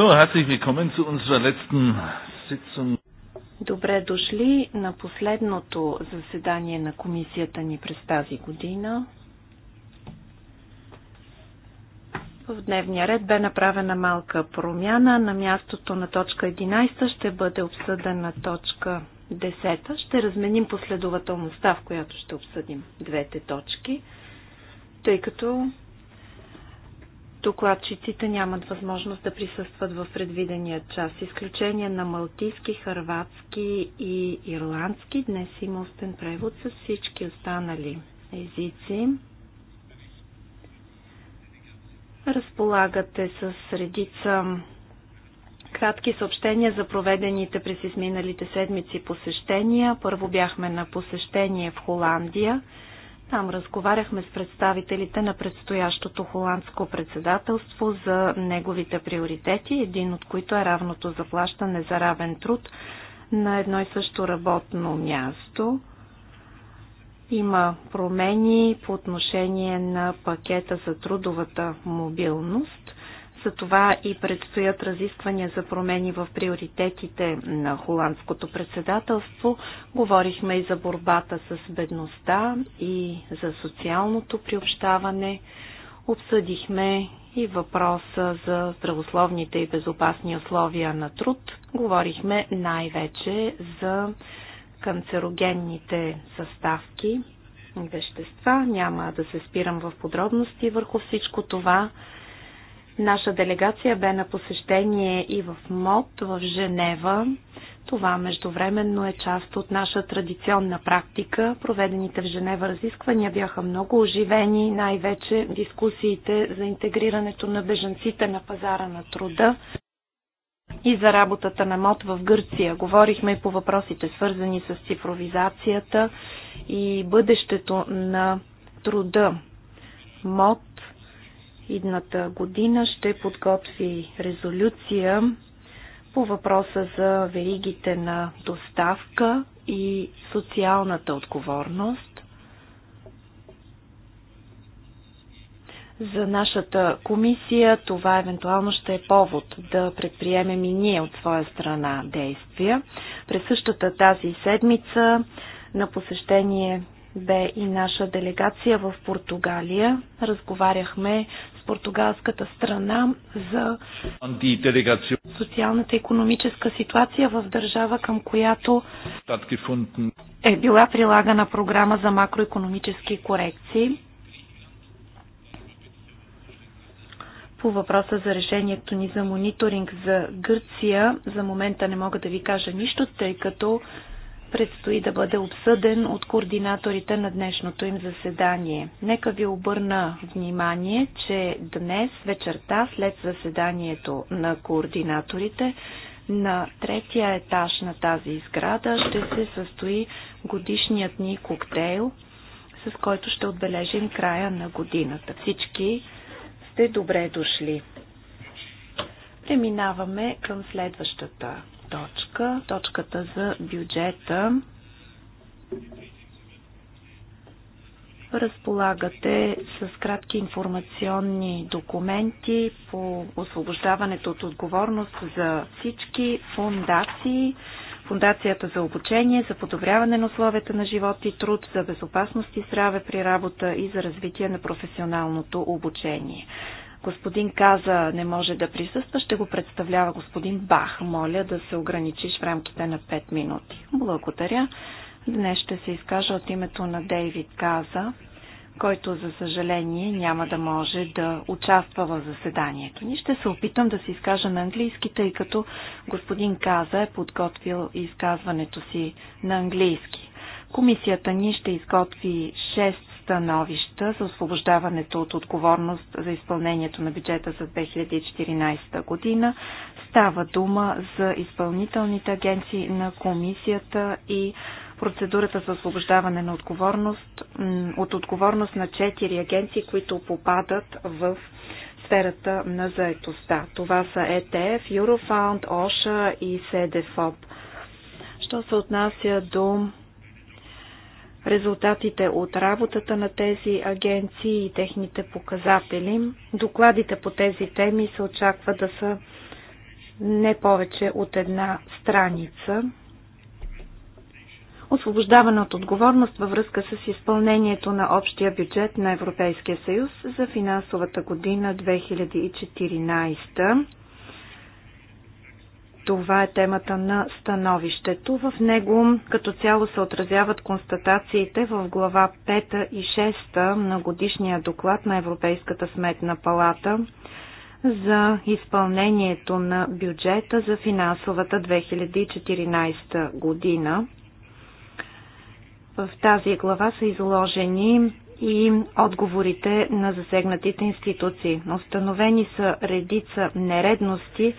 So, herzlich willkommen zu unserer letzten Sitzung. Добре дошли на последното заседание на комисията ни през тази година. В дневния ред бе направена малка промяна. На мястото на точка 11 ще бъде обсъдена точка 10. Ще разменим последователността, в която ще обсъдим двете точки, тъй като Докладчиците нямат възможност да присъстват в предвидения час. Изключение на малтийски, харватски и ирландски. Днес има устен превод с всички останали езици. Разполагате с редица кратки съобщения за проведените през изминалите седмици посещения. Първо бяхме на посещение в Холандия – там разговаряхме с представителите на предстоящото холандско председателство за неговите приоритети, един от които е равното заплащане за равен труд на едно и също работно място. Има промени по отношение на пакета за трудовата мобилност – за това и предстоят разисквания за промени в приоритетите на холандското председателство. Говорихме и за борбата с бедността и за социалното приобщаване. Обсъдихме и въпроса за здравословните и безопасни условия на труд. Говорихме най-вече за канцерогенните съставки вещества. Няма да се спирам в подробности върху всичко това. Наша делегация бе на посещение и в МОД в Женева. Това междувременно е част от наша традиционна практика. Проведените в Женева разисквания бяха много оживени, най-вече дискусиите за интегрирането на бежанците на пазара на труда и за работата на МОД в Гърция. Говорихме и по въпросите свързани с цифровизацията и бъдещето на труда. МОД идната година ще подготви резолюция по въпроса за веригите на доставка и социалната отговорност. За нашата комисия това евентуално ще е повод да предприемем и ние от своя страна действия. През същата тази седмица на посещение бе и наша делегация в Португалия. Разговаряхме португалската страна за социалната и економическа ситуация в държава, към която е била прилагана програма за макроекономически корекции. По въпроса за решението ни за мониторинг за Гърция, за момента не мога да ви кажа нищо, тъй като предстои да бъде обсъден от координаторите на днешното им заседание. Нека ви обърна внимание, че днес вечерта, след заседанието на координаторите, на третия етаж на тази изграда ще се състои годишният ни коктейл, с който ще отбележим края на годината. Всички сте добре дошли. Преминаваме към следващата точка, точката за бюджета. Разполагате с кратки информационни документи по освобождаването от отговорност за всички фундации, Фундацията за обучение, за подобряване на условията на живот и труд, за безопасност и здраве при работа и за развитие на професионалното обучение господин Каза не може да присъства, ще го представлява господин Бах. Моля да се ограничиш в рамките на 5 минути. Благодаря. Днес ще се изкажа от името на Дейвид Каза, който за съжаление няма да може да участва в заседанието ни. Ще се опитам да се изкажа на английски, тъй като господин Каза е подготвил изказването си на английски. Комисията ни ще изготви 6 становища за освобождаването от отговорност за изпълнението на бюджета за 2014 година. Става дума за изпълнителните агенции на комисията и процедурата за освобождаване на отговорност, от отговорност на четири агенции, които попадат в сферата на заетостта. Това са ETF, е Eurofound, OSHA и CDFOP. Що се отнася до резултатите от работата на тези агенции и техните показатели. Докладите по тези теми се очаква да са не повече от една страница. Освобождаване от отговорност във връзка с изпълнението на общия бюджет на Европейския съюз за финансовата година 2014. Това е темата на становището. В него като цяло се отразяват констатациите в глава 5 и 6 на годишния доклад на Европейската сметна палата за изпълнението на бюджета за финансовата 2014 година. В тази глава са изложени и отговорите на засегнатите институции. Установени са редица нередности,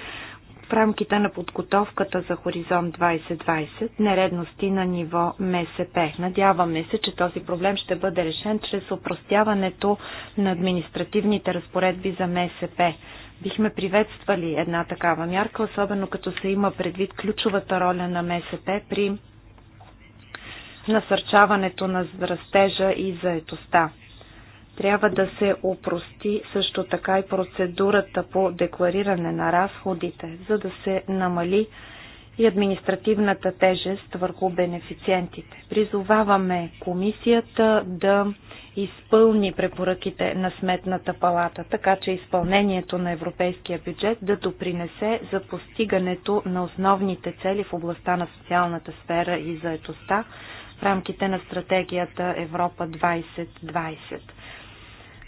в рамките на подготовката за Хоризонт 2020 нередности на ниво МСП. Надяваме се, че този проблем ще бъде решен чрез упростяването на административните разпоредби за МСП. Бихме приветствали една такава мярка, особено като се има предвид ключовата роля на МСП при насърчаването на растежа и заетостта. Трябва да се опрости също така и процедурата по деклариране на разходите, за да се намали и административната тежест върху бенефициентите. Призоваваме комисията да изпълни препоръките на Сметната палата, така че изпълнението на европейския бюджет да допринесе за постигането на основните цели в областта на социалната сфера и заетостта в рамките на стратегията Европа 2020.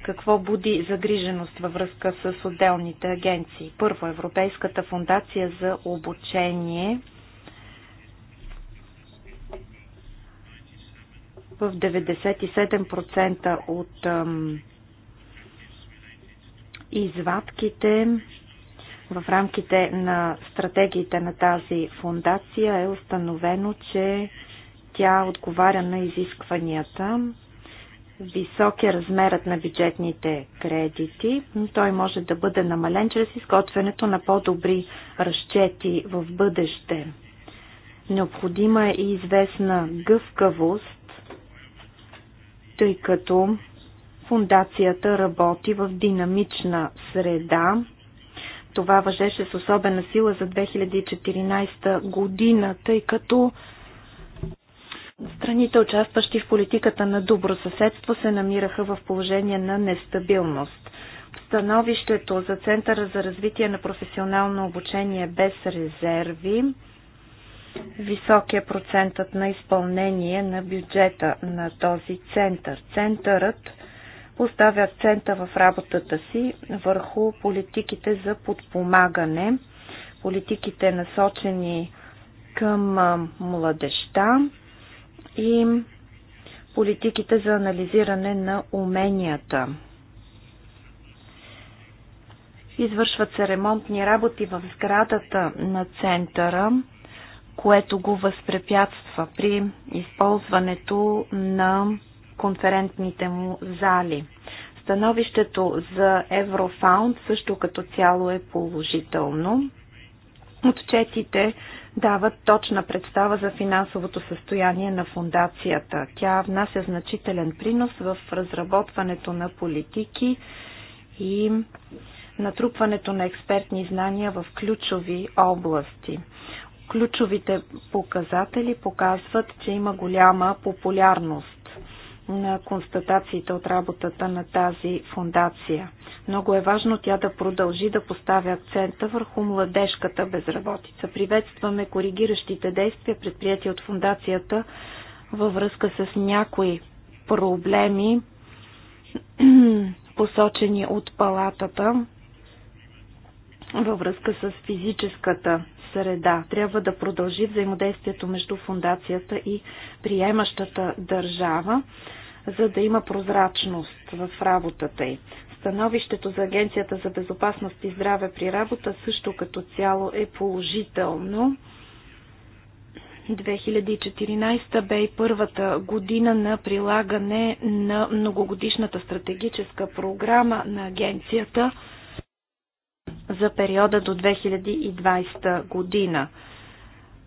Какво буди загриженост във връзка с отделните агенции? Първо, Европейската фундация за обучение в 97% от ам, извадките в рамките на стратегиите на тази фундация е установено, че тя отговаря на изискванията висок е размерът на бюджетните кредити, но той може да бъде намален чрез изготвянето на по-добри разчети в бъдеще. Необходима е и известна гъвкавост, тъй като фундацията работи в динамична среда. Това въжеше с особена сила за 2014 година, тъй като Страните, участващи в политиката на добро съседство, се намираха в положение на нестабилност. Становището за Центъра за развитие на професионално обучение без резерви високия процентът на изпълнение на бюджета на този център. Центърът поставя акцента в работата си върху политиките за подпомагане, политиките насочени към младеща, и политиките за анализиране на уменията. Извършват се ремонтни работи в сградата на центъра, което го възпрепятства при използването на конферентните му зали. Становището за Еврофаунд също като цяло е положително. Отчетите дават точна представа за финансовото състояние на фундацията. Тя внася значителен принос в разработването на политики и натрупването на експертни знания в ключови области. Ключовите показатели показват, че има голяма популярност на констатациите от работата на тази фундация. Много е важно тя да продължи да поставя акцента върху младежката безработица. Приветстваме коригиращите действия, предприяти от фундацията във връзка с някои проблеми, посочени от палатата във връзка с физическата среда. Трябва да продължи взаимодействието между фундацията и приемащата държава, за да има прозрачност в работата й. Становището за Агенцията за безопасност и здраве при работа също като цяло е положително. 2014 бе и първата година на прилагане на многогодишната стратегическа програма на агенцията – за периода до 2020 година.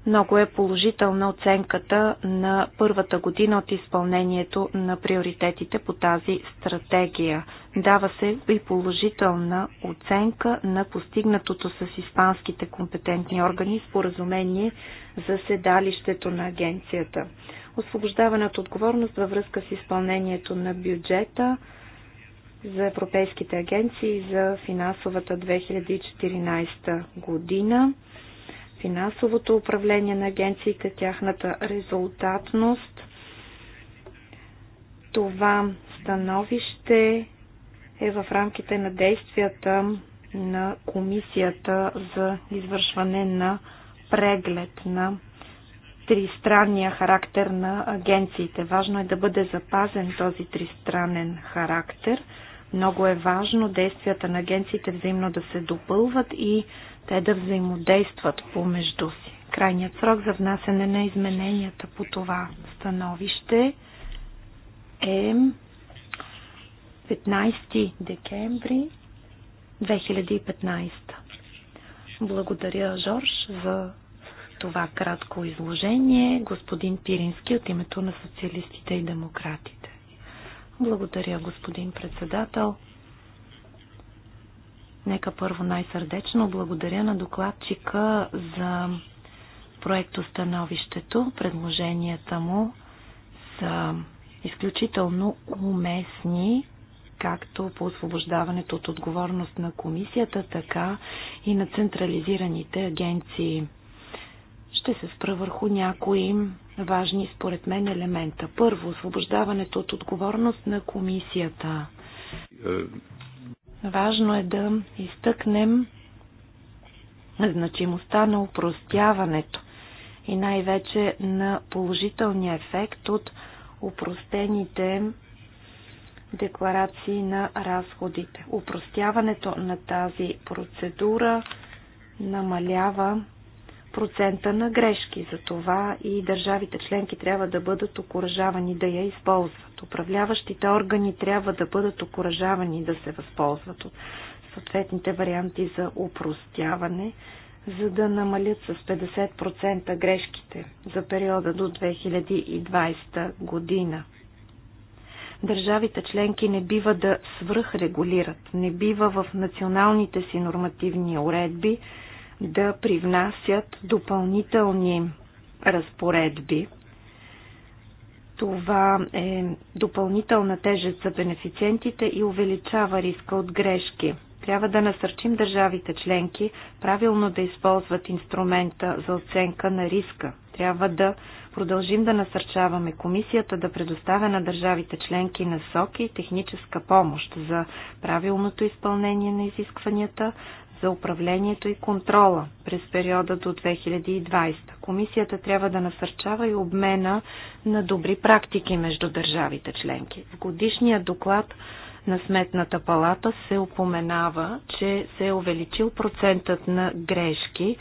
Много е положителна оценката на първата година от изпълнението на приоритетите по тази стратегия. Дава се и положителна оценка на постигнатото с испанските компетентни органи споразумение за седалището на агенцията. Освобождаване от отговорност във връзка с изпълнението на бюджета – за европейските агенции за финансовата 2014 година, финансовото управление на агенциите, тяхната резултатност. Това становище е в рамките на действията на комисията за извършване на преглед на тристранния характер на агенциите. Важно е да бъде запазен този тристранен характер. Много е важно действията на агенциите взаимно да се допълват и те да взаимодействат помежду си. Крайният срок за внасене на измененията по това становище е 15 декември 2015. Благодаря, Жорж, за това кратко изложение. Господин Пирински от името на социалистите и демократите. Благодаря, господин председател. Нека първо най-сърдечно благодаря на докладчика за проектостановището. Предложенията му са изключително уместни, както по освобождаването от отговорност на комисията, така и на централизираните агенции. Ще се спра върху някои важни според мен елемента. Първо, освобождаването от отговорност на комисията. Важно е да изтъкнем значимостта на упростяването и най-вече на положителния ефект от упростените декларации на разходите. Упростяването на тази процедура намалява процента на грешки. за това и държавите членки трябва да бъдат окоръжавани да я използват. Управляващите органи трябва да бъдат окоръжавани да се възползват от съответните варианти за упростяване, за да намалят с 50% грешките за периода до 2020 година. Държавите членки не бива да свръхрегулират, не бива в националните си нормативни уредби да привнасят допълнителни разпоредби. Това е допълнителна тежест за бенефициентите и увеличава риска от грешки. Трябва да насърчим държавите членки правилно да използват инструмента за оценка на риска. Трябва да продължим да насърчаваме комисията да предоставя на държавите членки насоки и техническа помощ за правилното изпълнение на изискванията, за управлението и контрола през периода до 2020. Комисията трябва да насърчава и обмена на добри практики между държавите членки. В годишния доклад на Сметната палата се упоменава, че се е увеличил процентът на грешки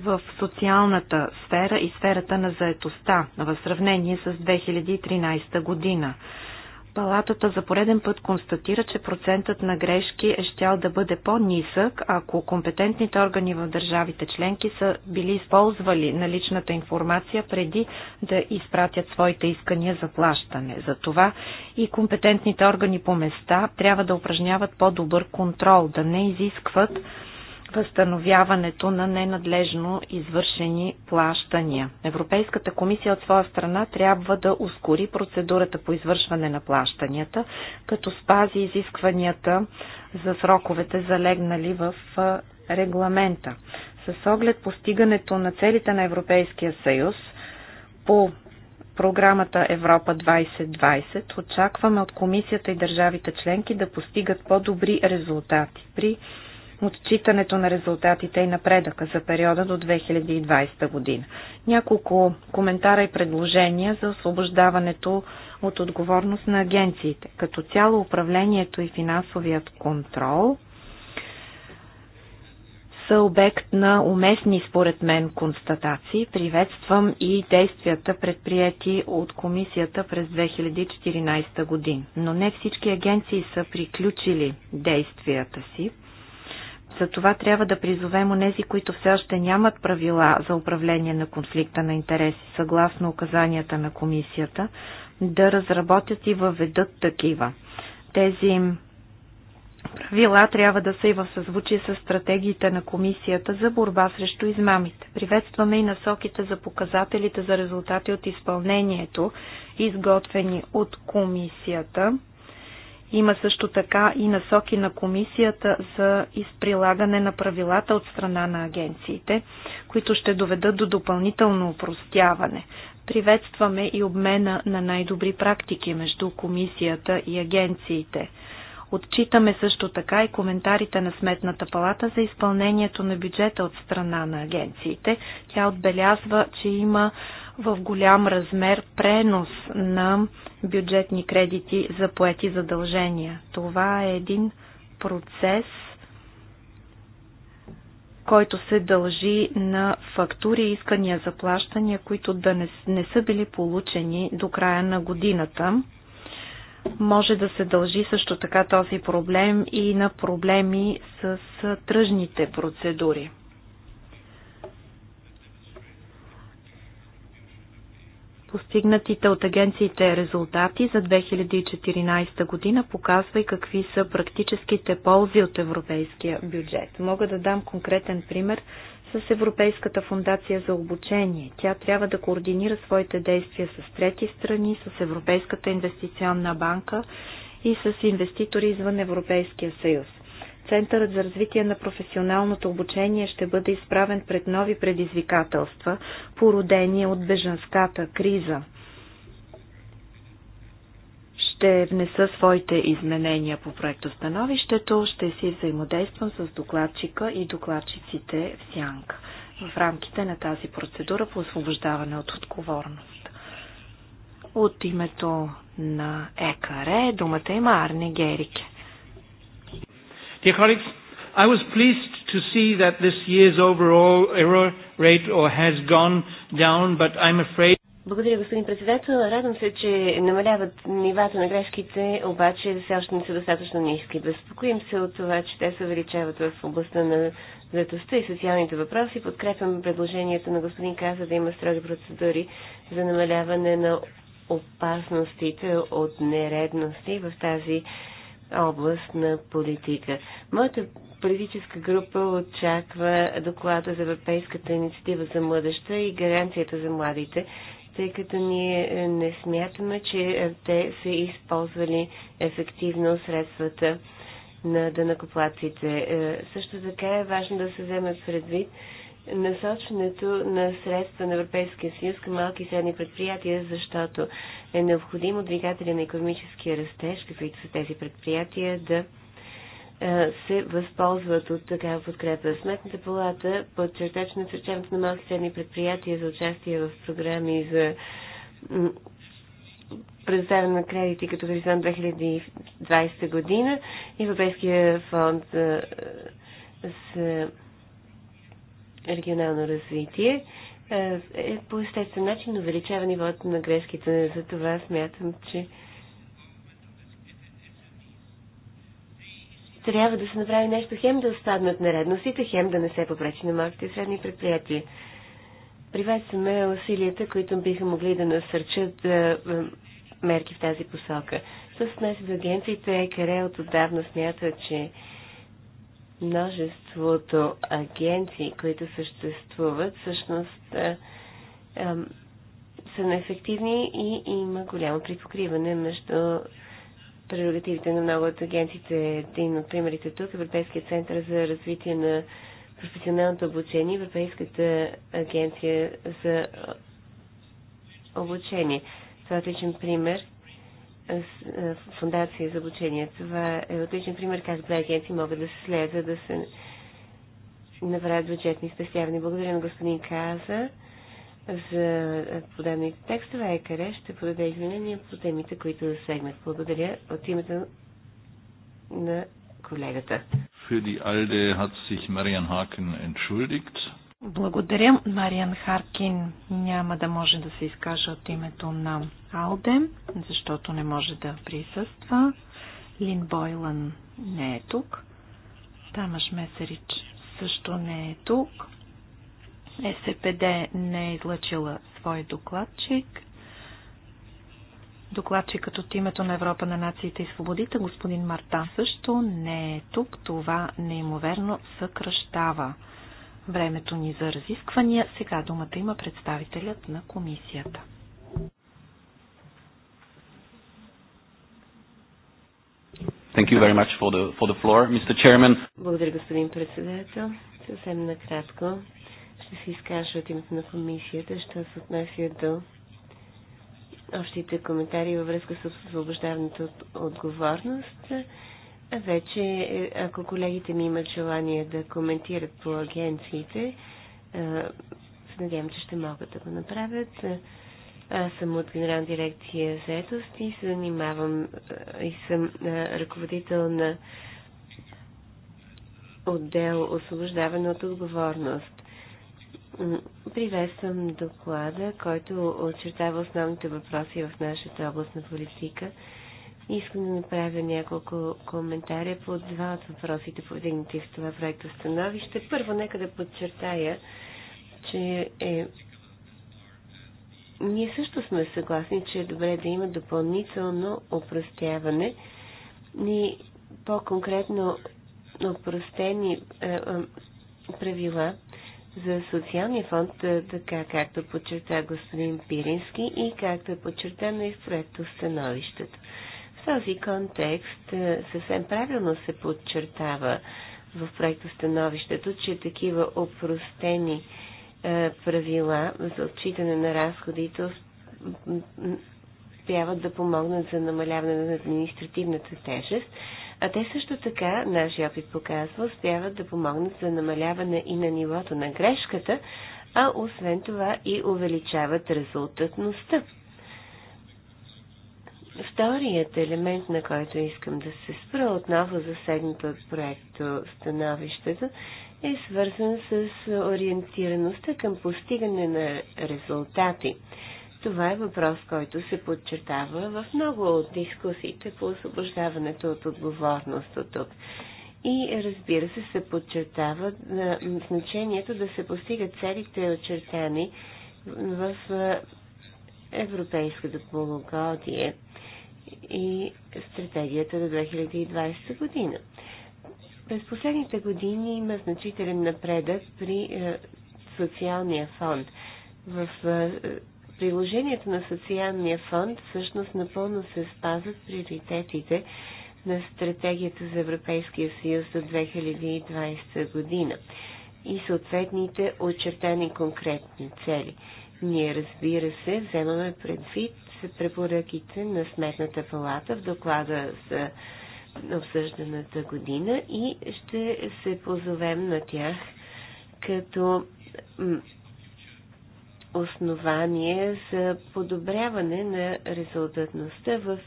в социалната сфера и сферата на заетостта в сравнение с 2013 година. Палатата за пореден път констатира, че процентът на грешки е щял да бъде по-нисък, ако компетентните органи в държавите членки са били използвали наличната информация преди да изпратят своите искания за плащане. За това и компетентните органи по места трябва да упражняват по-добър контрол, да не изискват възстановяването на ненадлежно извършени плащания. Европейската комисия от своя страна трябва да ускори процедурата по извършване на плащанията, като спази изискванията за сроковете залегнали в регламента. С оглед постигането на целите на Европейския съюз по програмата Европа 2020 очакваме от комисията и държавите членки да постигат по-добри резултати при отчитането на резултатите и напредъка за периода до 2020 година. Няколко коментара и предложения за освобождаването от отговорност на агенциите. Като цяло управлението и финансовият контрол са обект на уместни според мен констатации. Приветствам и действията предприяти от комисията през 2014 година. Но не всички агенции са приключили действията си. Затова трябва да призовем онези, които все още нямат правила за управление на конфликта на интереси, съгласно указанията на комисията, да разработят и въведат такива. Тези правила трябва да са и в съзвучие с стратегиите на комисията за борба срещу измамите. Приветстваме и насоките за показателите за резултати от изпълнението, изготвени от комисията има също така и насоки на комисията за изприлагане на правилата от страна на агенциите, които ще доведат до допълнително упростяване. Приветстваме и обмена на най-добри практики между комисията и агенциите. Отчитаме също така и коментарите на Сметната палата за изпълнението на бюджета от страна на агенциите. Тя отбелязва, че има в голям размер пренос на бюджетни кредити за поети задължения. Това е един процес, който се дължи на фактури и искания за плащания, които да не, не са били получени до края на годината. Може да се дължи също така този проблем и на проблеми с тръжните процедури. Постигнатите от агенциите резултати за 2014 година показва и какви са практическите ползи от европейския бюджет. Мога да дам конкретен пример с Европейската фундация за обучение. Тя трябва да координира своите действия с трети страни, с Европейската инвестиционна банка и с инвеститори извън Европейския съюз. Центърът за развитие на професионалното обучение ще бъде изправен пред нови предизвикателства, породени от бежанската криза. Ще внеса своите изменения по проектостановището, ще си взаимодействам с докладчика и докладчиците в сянка в рамките на тази процедура по освобождаване от отговорност. От името на ЕКАРЕ думата има Арне Герике. Dear colleagues, I was pleased to see that this year's overall error rate or has gone down, but I'm afraid благодаря, господин председател. Радвам се, че намаляват нивата на грешките, обаче все още не са достатъчно ниски. Безпокоим се от това, че те се увеличават в областта на заедостта и социалните въпроси. Подкрепям предложението на господин Каза да има строги процедури за намаляване на опасностите от нередности в тази област на политика. Моята политическа група очаква доклада за Европейската инициатива за младеща и гаранцията за младите, тъй като ние е, не смятаме, че е, те са използвали ефективно средствата на дънакоплаците. Е, също така е важно да се вземат предвид насочването на средства на Европейския съюз към малки и средни предприятия, защото е необходимо двигателя на економическия растеж, каквито са тези предприятия, да е, се възползват от такава подкрепа. Сметната палата подчерта, че насърчаването на малки средни предприятия за участие в програми за предоставяне на кредити като Хоризонт 2020 година. Европейския фонд е, за регионално развитие е, е по естествен начин увеличава нивото на грешките. За това смятам, че трябва да се направи нещо, хем да останат нередностите, хем да не се попречи на малките и средни предприятия. Приветстваме усилията, които биха могли да насърчат е, е, мерки в тази посока. С нас за агенциите, ЕКРЕ от отдавна смята, че множеството агенции, които съществуват, всъщност а, е, а, са неефективни и има голямо припокриване между прерогативите на много от агенциите. Един от примерите тук е Европейския център за развитие на професионалното обучение, Европейската агенция за обучение. Това е отличен пример. Фундация за обучение. Това е отличен пример как две агенции могат да се следват, да се направят бюджетни спестявания. Благодаря на господин Каза за подобните текстове, Екаре ще подаде извинения по темите, които засегнах. Благодаря от името на колегата. Für die ALDE hat sich Marian Haken entschuldigt. Благодаря. Мариан Харкин няма да може да се изкаже от името на Алде, защото не може да присъства. Лин Бойлан не е тук. Тамаш Месерич също не е тук. СПД не е излъчила свой докладчик. Докладчикът от името на Европа на нациите и свободите, господин Мартан също не е тук. Това неимоверно съкръщава времето ни за разисквания. Сега думата има представителят на комисията. Thank you very much for the, for the floor, Mr. Chairman. Благодаря, господин председател. Съвсем накратко. Ще се изкажа от името на комисията, що се отнася до общите коментари във връзка с освобождаването от отговорност. А вече, ако колегите ми имат желание да коментират по агенциите, се надявам, че ще могат да го направят. Аз съм от Генерална дирекция заетост и се занимавам и съм ръководител на отдел освобождаване от отговорност. Приветствам доклада, който очертава основните въпроси в нашата областна политика. Искам да направя няколко коментари по два от въпросите, повдигнати в това проекто становище. Първо, нека да подчертая, че е... ние също сме съгласни, че е добре да има допълнително опростяване и по-конкретно опростени е, е, правила за социалния фонд, е, така както подчерта господин Пирински и както е подчертано и в проекто становището. В този контекст е, съвсем правилно се подчертава в проекто становището, че такива опростени е, правила за отчитане на разходите трябва да помогнат за намаляване на административната тежест, а те също така, нашия опит показва, успяват да помогнат за намаляване и на нивото на грешката, а освен това и увеличават резултатността. Вторият елемент, на който искам да се спра отново за засегнат от проекто становището, е свързан с ориентираността към постигане на резултати. Това е въпрос, който се подчертава в много от дискусиите по освобождаването от отговорност от тук. И разбира се, се подчертава значението да се постигат целите очертани в европейското полугодие и стратегията до 2020 година. През последните години има значителен напредък при социалния фонд. В приложението на социалния фонд всъщност напълно се спазват приоритетите на стратегията за Европейския съюз до 2020 година и съответните очертани конкретни цели. Ние, разбира се, вземаме предвид препоръките на Сметната палата в доклада за обсъжданата година и ще се позовем на тях като основание за подобряване на резултатността в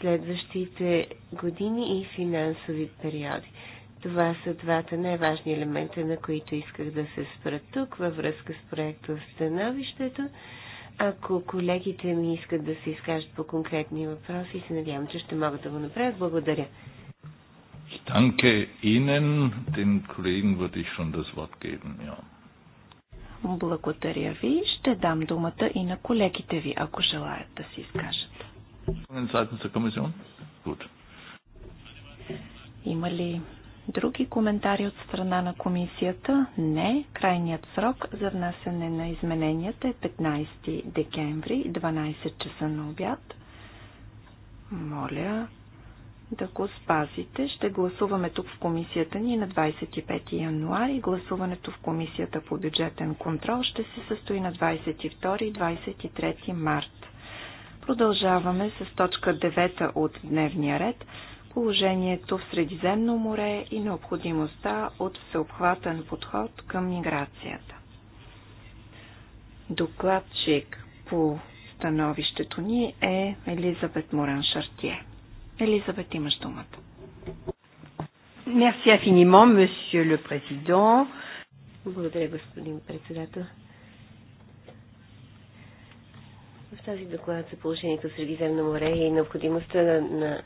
следващите години и финансови периоди. Това са двата най-важни елемента, на които исках да се спра тук във връзка с проекта Становището. Ако колегите ми искат да се изкажат по конкретни въпроси, се надявам, че ще могат да го направят. Благодаря. Ich danke Ihnen, den Kollegen würde ich schon das Wort geben, ja. Благодаря ви. Ще дам думата и на колегите ви, ако желаят да си изкажат. Има ли други коментари от страна на комисията? Не. Крайният срок за внасяне на измененията е 15 декември, 12 часа на обяд. Моля да го спазите. Ще гласуваме тук в комисията ни на 25 януари. Гласуването в комисията по бюджетен контрол ще се състои на 22 и 23 март. Продължаваме с точка 9 от дневния ред положението в Средиземно море и необходимостта от всеобхватен подход към миграцията. Докладчик по становището ни е Елизабет Моран Шартие. Елизабет, имаш думата. Мерси афинимо, месье ле президент. Благодаря, господин председател. В тази доклад за положението в Средиземно море и необходимостта на, на,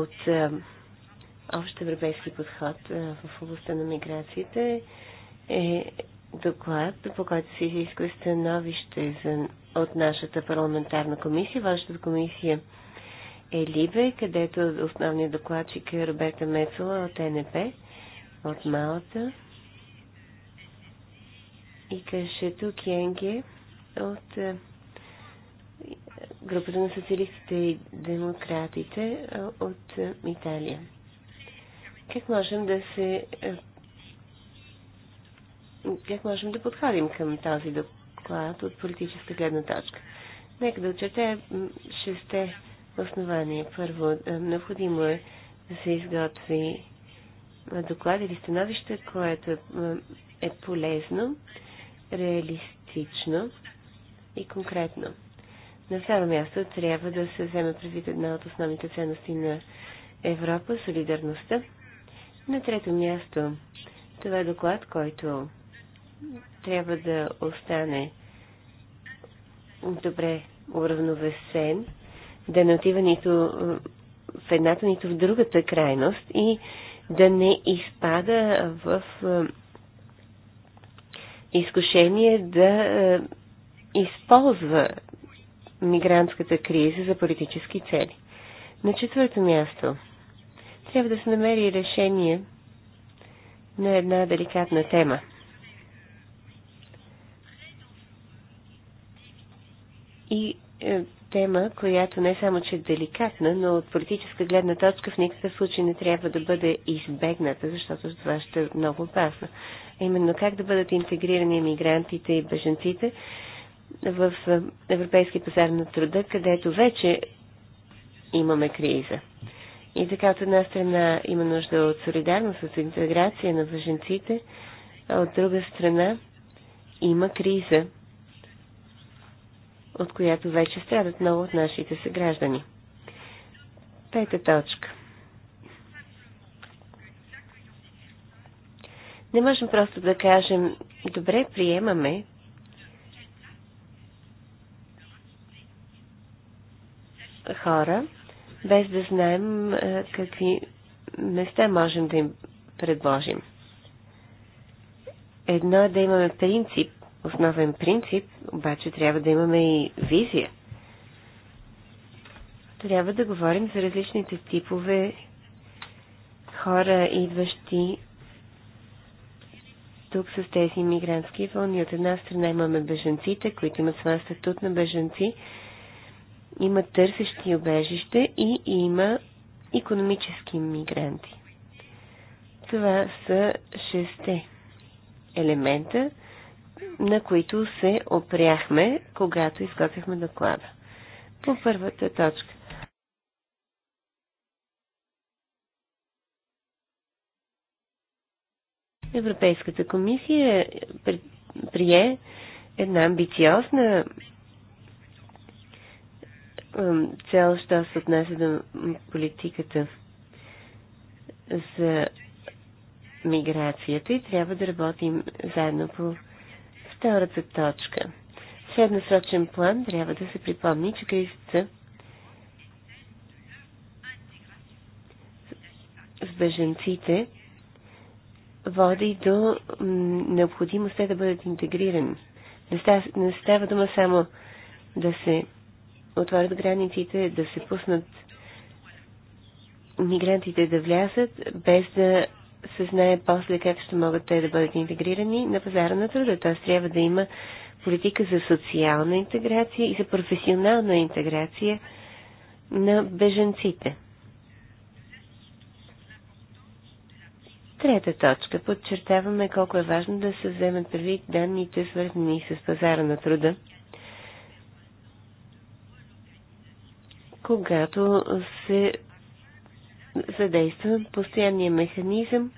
от а, общ европейски подход а, в областта на миграцията е доклад, по който се изисква становище за, от нашата парламентарна комисия. Вашата комисия Елибе, където основният докладчик е Роберта Мецела от НП, от Малта. И Кашето Кенге от е, групата на социалистите и демократите е, от е, Италия. Как можем да се как можем да подходим към този доклад от политическа гледна точка? Нека да отчете шесте Основание. Първо, е, необходимо е да се изготви е, доклад или становище, което е, е полезно, реалистично и конкретно. На второ място трябва да се вземе предвид една от основните ценности на Европа – солидарността. На трето място – това е доклад, който трябва да остане добре уравновесен да не отива нито в едната, нито в другата крайност и да не изпада в изкушение да използва мигрантската криза за политически цели. На четвърто място трябва да се намери решение на една деликатна тема. И е, тема, която не само, че е деликатна, но от политическа гледна точка в никакъв случай не трябва да бъде избегната, защото това ще е много опасно. А именно как да бъдат интегрирани емигрантите и беженците в Европейски пазар на труда, където вече имаме криза. И така от една страна има нужда от солидарност, от интеграция на беженците, а от друга страна има криза от която вече страдат много от нашите съграждани. Пета точка. Не можем просто да кажем, добре, приемаме, хора, без да знаем какви места можем да им предложим. Едно е да имаме принцип, основен принцип, обаче трябва да имаме и визия. Трябва да говорим за различните типове хора, идващи тук с тези мигрантски вълни. От една страна имаме беженците, които имат своя статут на беженци, има търсещи обежище и има економически мигранти. Това са шесте елемента – на които се опряхме, когато изготвяхме доклада. По първата точка. Европейската комисия прие една амбициозна цел, що се отнася до политиката за миграцията и трябва да работим заедно по Втората точка. В средносрочен план трябва да се припомни, че кризата с беженците води до необходимост да бъдат интегрирани. Не става, не става дума само да се отворят границите, да се пуснат мигрантите да влязат, без да се знае после как ще могат те да бъдат интегрирани на пазара на труда. Т.е. трябва да има политика за социална интеграция и за професионална интеграция на беженците. Трета точка. Подчертаваме колко е важно да се вземат предвид данните, свързани с пазара на труда, когато се задействан постоянния механизъм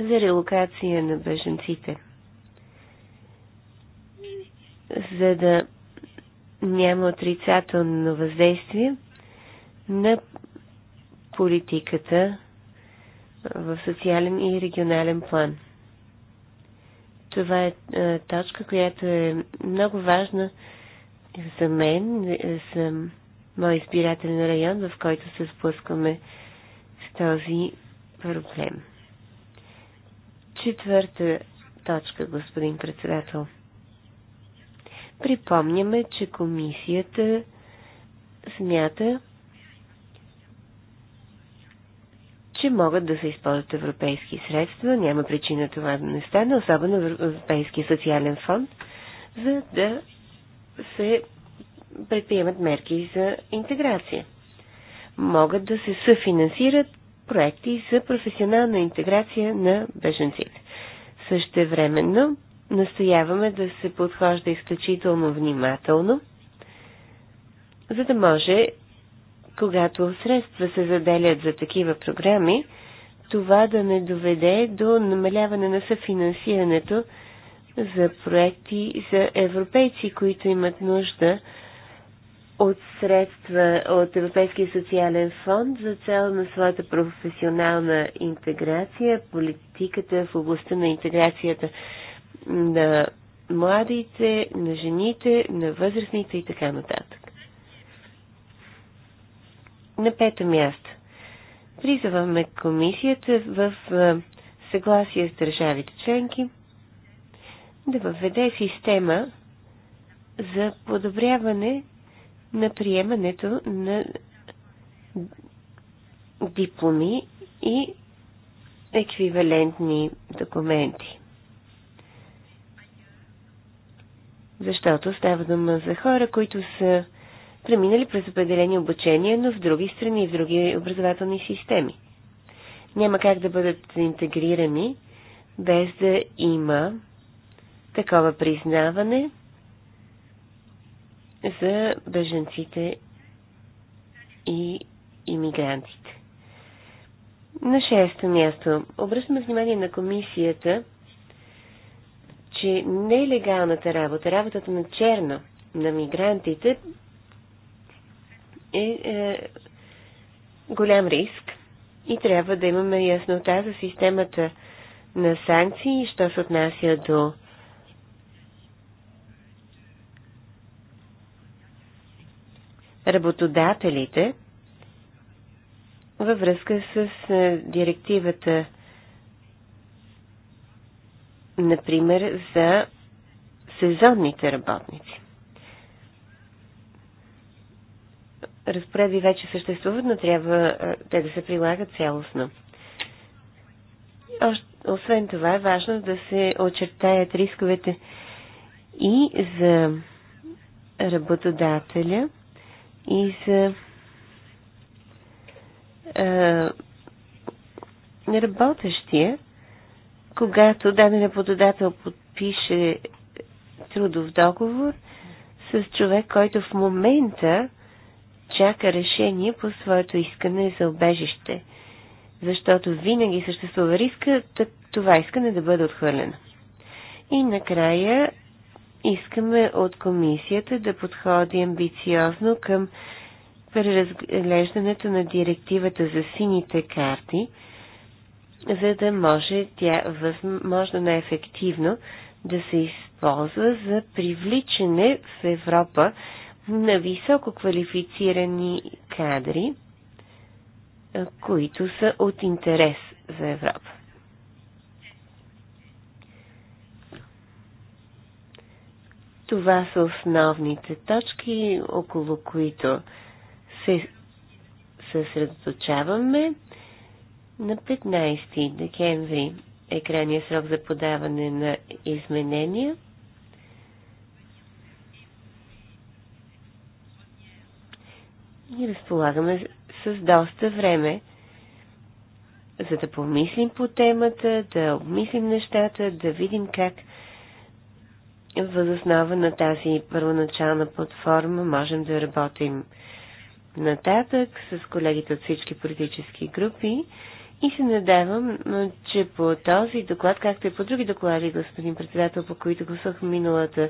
за релокация на беженците. За да няма отрицателно въздействие на политиката в социален и регионален план. Това е, е точка, която е много важна за мен. Е, съм мой избирателен район, в който се сблъскваме с този проблем. Четвърта точка, господин председател. Припомняме, че комисията смята, че могат да се използват европейски средства, няма причина това да не стане, особено Европейския социален фонд, за да се предприемат мерки за интеграция. Могат да се съфинансират проекти за професионална интеграция на беженците. Същевременно настояваме да се подхожда изключително внимателно, за да може, когато средства се заделят за такива програми, това да не доведе до намаляване на съфинансирането за проекти за европейци, които имат нужда от средства от Европейския социален фонд за цел на своята професионална интеграция, политиката в областта на интеграцията на младите, на жените, на възрастните и така нататък. На пето място. Призваме комисията в съгласие с държавите членки да въведе система за подобряване на приемането на дипломи и еквивалентни документи. Защото става дума за хора, които са преминали през определени обучения, но в други страни, в други образователни системи. Няма как да бъдат интегрирани без да има такова признаване – за беженците и иммигрантите. На шесто място обръщаме внимание на комисията, че нелегалната работа, работата на черно на мигрантите е, е голям риск и трябва да имаме яснота за системата на санкции, що се отнася до работодателите във връзка с е, директивата, например, за сезонните работници. Разпореди вече съществуват, но трябва е, те да се прилагат цялостно. Освен това е важно да се очертаят рисковете и за работодателя – и за е, работещия, когато даден работодател подпише трудов договор с човек, който в момента чака решение по своето искане за обежище, защото винаги съществува риска това искане да бъде отхвърлено. И накрая искаме от комисията да подходи амбициозно към преразглеждането на директивата за сините карти, за да може тя възможно най-ефективно да се използва за привличане в Европа на високо квалифицирани кадри, които са от интерес за Европа. Това са основните точки, около които се съсредоточаваме. На 15 декември е крайния срок за подаване на изменения. И разполагаме с доста време, за да помислим по темата, да обмислим нещата, да видим как – възоснова на тази първоначална платформа можем да работим нататък с колегите от всички политически групи и се надявам, че по този доклад, както и по други доклади, господин председател, по които гласувах миналата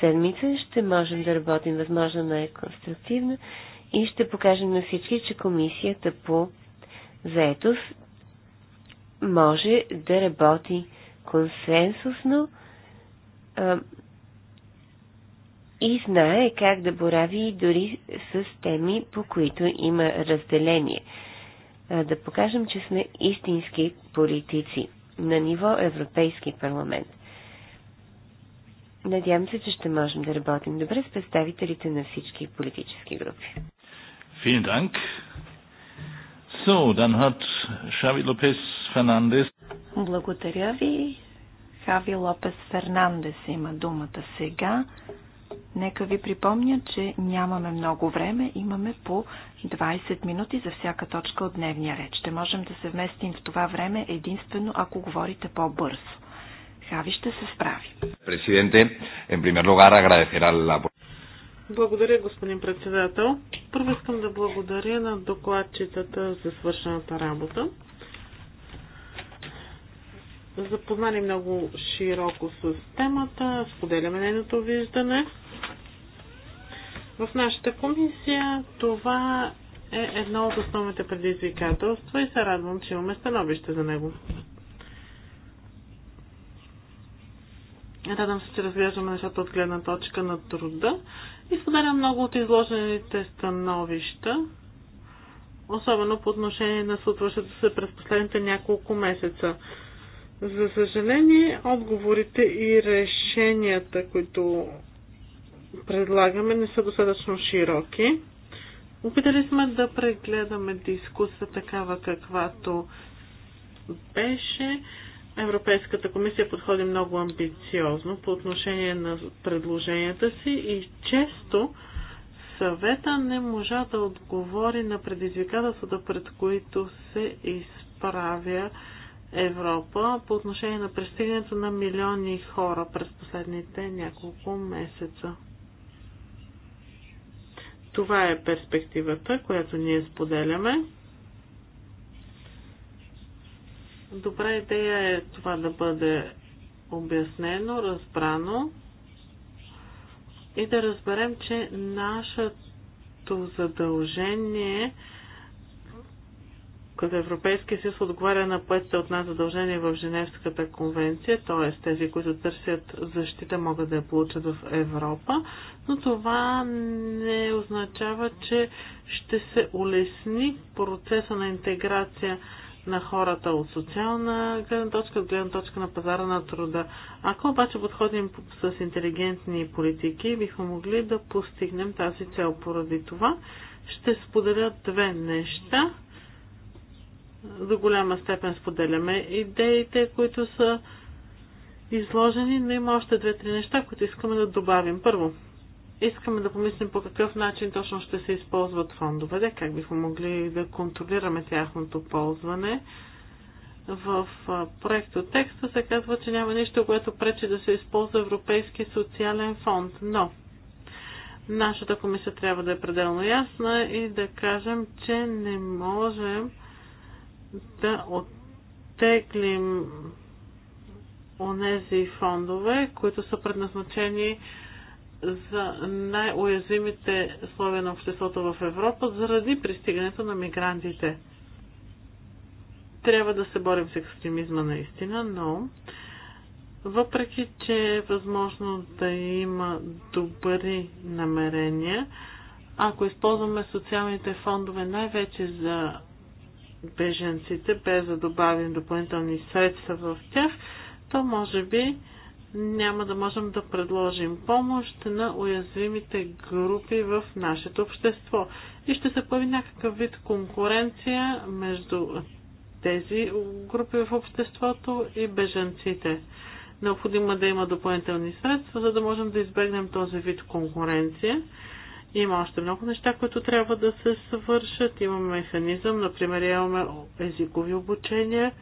седмица, ще можем да работим възможно най-конструктивно и ще покажем на всички, че комисията по заетост може да работи консенсусно и знае как да борави дори с теми, по които има разделение. Да покажем, че сме истински политици на ниво Европейски парламент. Надявам се, че ще можем да работим добре с представителите на всички политически групи. Vielen Dank. So, dann hat Xavi Lopez Fernandez. Благодаря ви. Хави Лопес Фернандес има думата сега. Нека ви припомня, че нямаме много време, имаме по 20 минути за всяка точка от дневния ред. Ще можем да се вместим в това време единствено, ако говорите по-бързо. Хави ще се справи. Президенте, в пример лугар, agradecer ла... Благодаря, господин председател. Първо искам да благодаря на докладчетата за свършената работа запознали много широко с темата, споделяме нейното виждане. В нашата комисия това е едно от основните предизвикателства и се радвам, че имаме становище за него. Радвам се, че разглеждаме нещата от гледна точка на труда и споделям много от изложените становища, особено по отношение на случващото се през последните няколко месеца. За съжаление, отговорите и решенията, които предлагаме, не са достатъчно широки. Опитали сме да прегледаме дискусията такава каквато беше. Европейската комисия подходи много амбициозно по отношение на предложенията си и често съвета не можа да отговори на предизвикателствата, пред които се изправя Европа по отношение на пристигането на милиони хора през последните няколко месеца. Това е перспективата, която ние споделяме. Добра идея е това да бъде обяснено, разбрано и да разберем, че нашето задължение е като Европейския съюз отговаря на поетите от нас задължения в Женевската конвенция, т.е. тези, които търсят защита, могат да я получат в Европа, но това не означава, че ще се улесни процеса на интеграция на хората от социална гледна точка, от гледна точка на пазара на труда. Ако обаче подходим с интелигентни политики, бихме могли да постигнем тази цел. Поради това ще споделя две неща до голяма степен споделяме идеите, които са изложени, но има още две-три неща, които искаме да добавим. Първо, искаме да помислим по какъв начин точно ще се използват фондовете, как бихме могли да контролираме тяхното ползване. В проекто текста се казва, че няма нищо, което пречи да се използва Европейски социален фонд, но нашата комисия трябва да е пределно ясна и да кажем, че не можем да оттеглим онези фондове, които са предназначени за най-уязвимите словия на обществото в Европа заради пристигането на мигрантите. Трябва да се борим с екстремизма наистина, но въпреки, че е възможно да има добри намерения, ако използваме социалните фондове най-вече за беженците, без да добавим допълнителни средства в тях, то може би няма да можем да предложим помощ на уязвимите групи в нашето общество. И ще се появи някакъв вид конкуренция между тези групи в обществото и беженците. Необходимо е да има допълнителни средства, за да можем да избегнем този вид конкуренция има още много неща, които трябва да се свършат. Имаме механизъм, например, имаме езикови обучения.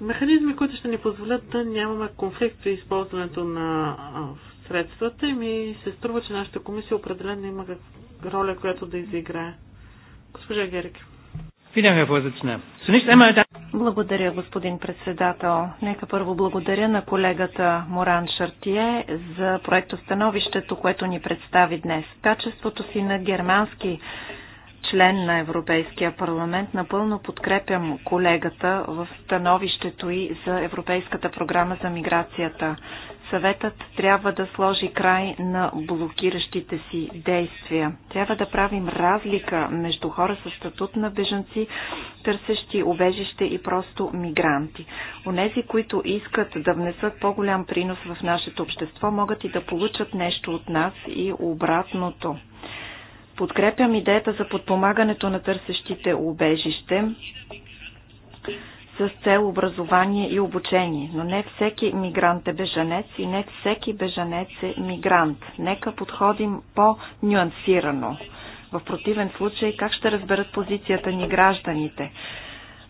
Механизми, които ще ни позволят да нямаме конфликт при използването на средствата и ми се струва, че нашата комисия определено има роля, която да изиграе. Госпожа Герик. Благодаря, господин председател. Нека първо благодаря на колегата Моран Шартие за проектостановището, което ни представи днес. Качеството си на германски член на Европейския парламент, напълно подкрепям колегата в становището и за Европейската програма за миграцията. Съветът трябва да сложи край на блокиращите си действия. Трябва да правим разлика между хора с статут на бежанци, търсещи убежище и просто мигранти. Онези, които искат да внесат по-голям принос в нашето общество, могат и да получат нещо от нас и обратното. Подкрепям идеята за подпомагането на търсещите убежище с цел образование и обучение. Но не всеки мигрант е бежанец и не всеки бежанец е мигрант. Нека подходим по-нюансирано. В противен случай, как ще разберат позицията ни гражданите?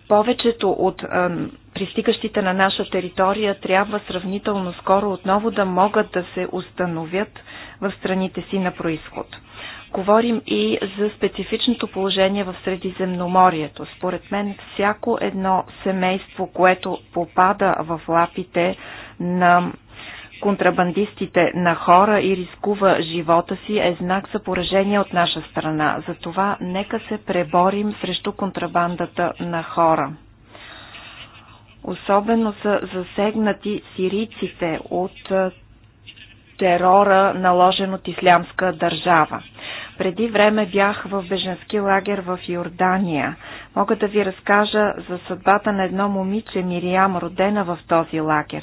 Повечето от ам, пристигащите на наша територия трябва сравнително скоро отново да могат да се установят в страните си на происход. Говорим и за специфичното положение в Средиземноморието. Според мен всяко едно семейство, което попада в лапите на контрабандистите на хора и рискува живота си е знак за поражение от наша страна. Затова нека се преборим срещу контрабандата на хора. Особено са засегнати сирийците от терора, наложен от ислямска държава. Преди време бях в беженски лагер в Йордания. Мога да ви разкажа за съдбата на едно момиче Мириам, родена в този лагер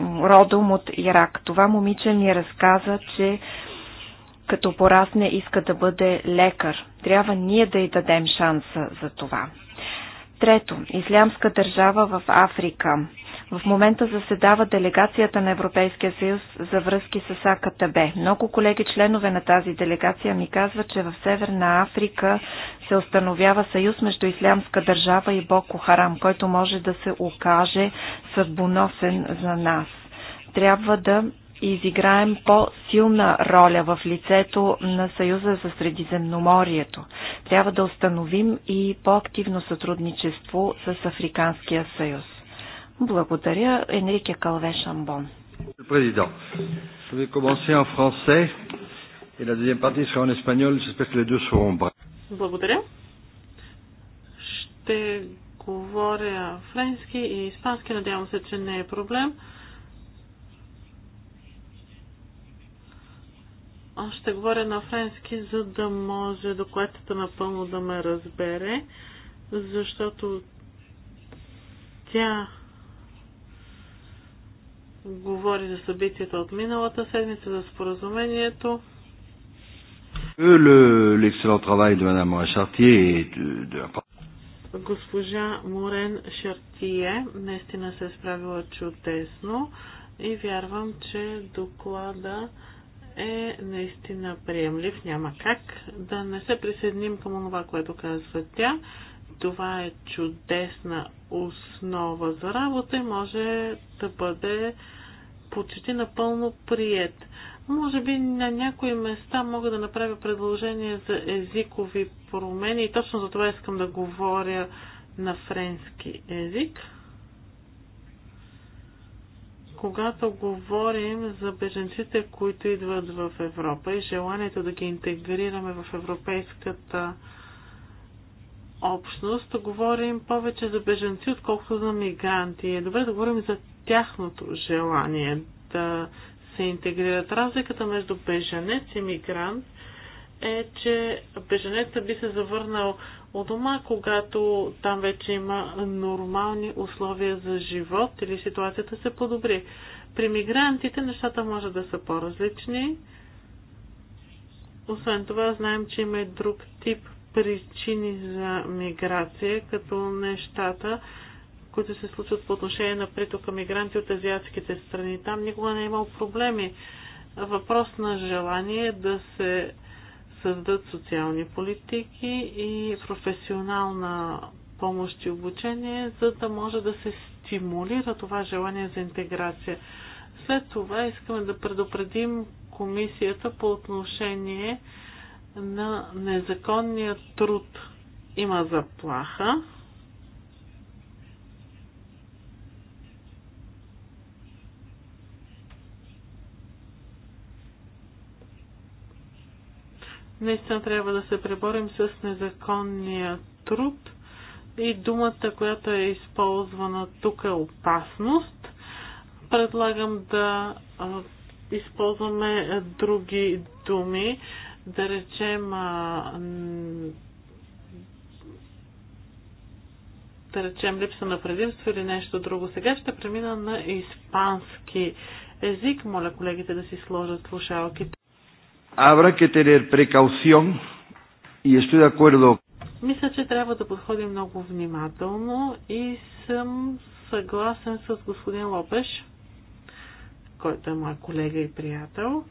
родом от Ирак. Това момиче ми разказа, че като порасне иска да бъде лекар. Трябва ние да й дадем шанса за това. Трето, Ислямска държава в Африка. В момента заседава делегацията на Европейския съюз за връзки с АКТБ. Много колеги членове на тази делегация ми казват, че в Северна Африка се установява съюз между Ислямска държава и Боко Харам, който може да се окаже съдбоносен за нас. Трябва да изиграем по-силна роля в лицето на Съюза за Средиземноморието. Трябва да установим и по-активно сътрудничество с Африканския съюз. Благодаря, Енрике Калве Шамбон. Президент, je vais commencer en français et la deuxième partie sera en espagnol. J'espère que les deux seront bras. Благодаря. Ще говоря френски и испански. Надявам се, че не е проблем. Аз ще говоря на френски, за да може докладчета напълно да ме разбере, защото тя говори за събитията от миналата седмица, за споразумението. Е, Госпожа Морен Шартие наистина се е справила чудесно и вярвам, че доклада е наистина приемлив. Няма как да не се присъединим към това, което казва тя. Това е чудесна основа за работа и може да бъде почти напълно прият. Може би на някои места мога да направя предложение за езикови промени и точно за това искам да говоря на френски език. Когато говорим за беженците, които идват в Европа и желанието да ги интегрираме в европейската общност, говорим повече за беженци, отколкото за мигранти. Е добре да говорим за тяхното желание да се интегрират. Разликата между беженец и мигрант е, че бежанецът би се завърнал у дома, когато там вече има нормални условия за живот или ситуацията се подобри. При мигрантите нещата може да са по-различни. Освен това, знаем, че има и друг тип причини за миграция, като нещата, които се случват по отношение на притока мигранти от азиатските страни. Там никога не е имал проблеми. Въпрос на желание е да се създадат социални политики и професионална помощ и обучение, за да може да се стимулира това желание за интеграция. След това искаме да предупредим комисията по отношение на незаконния труд има заплаха. Наистина трябва да се преборим с незаконния труд и думата, която е използвана тук е опасност. Предлагам да използваме други думи да речем да речем липса на предимство или нещо друго. Сега ще премина на испански език. Моля колегите да си сложат слушалките. Habrá que tener precaución y estoy de acuerdo. Мисля, че трябва да подходим много внимателно и съм съгласен с господин Лопеш, който е мой колега и приятел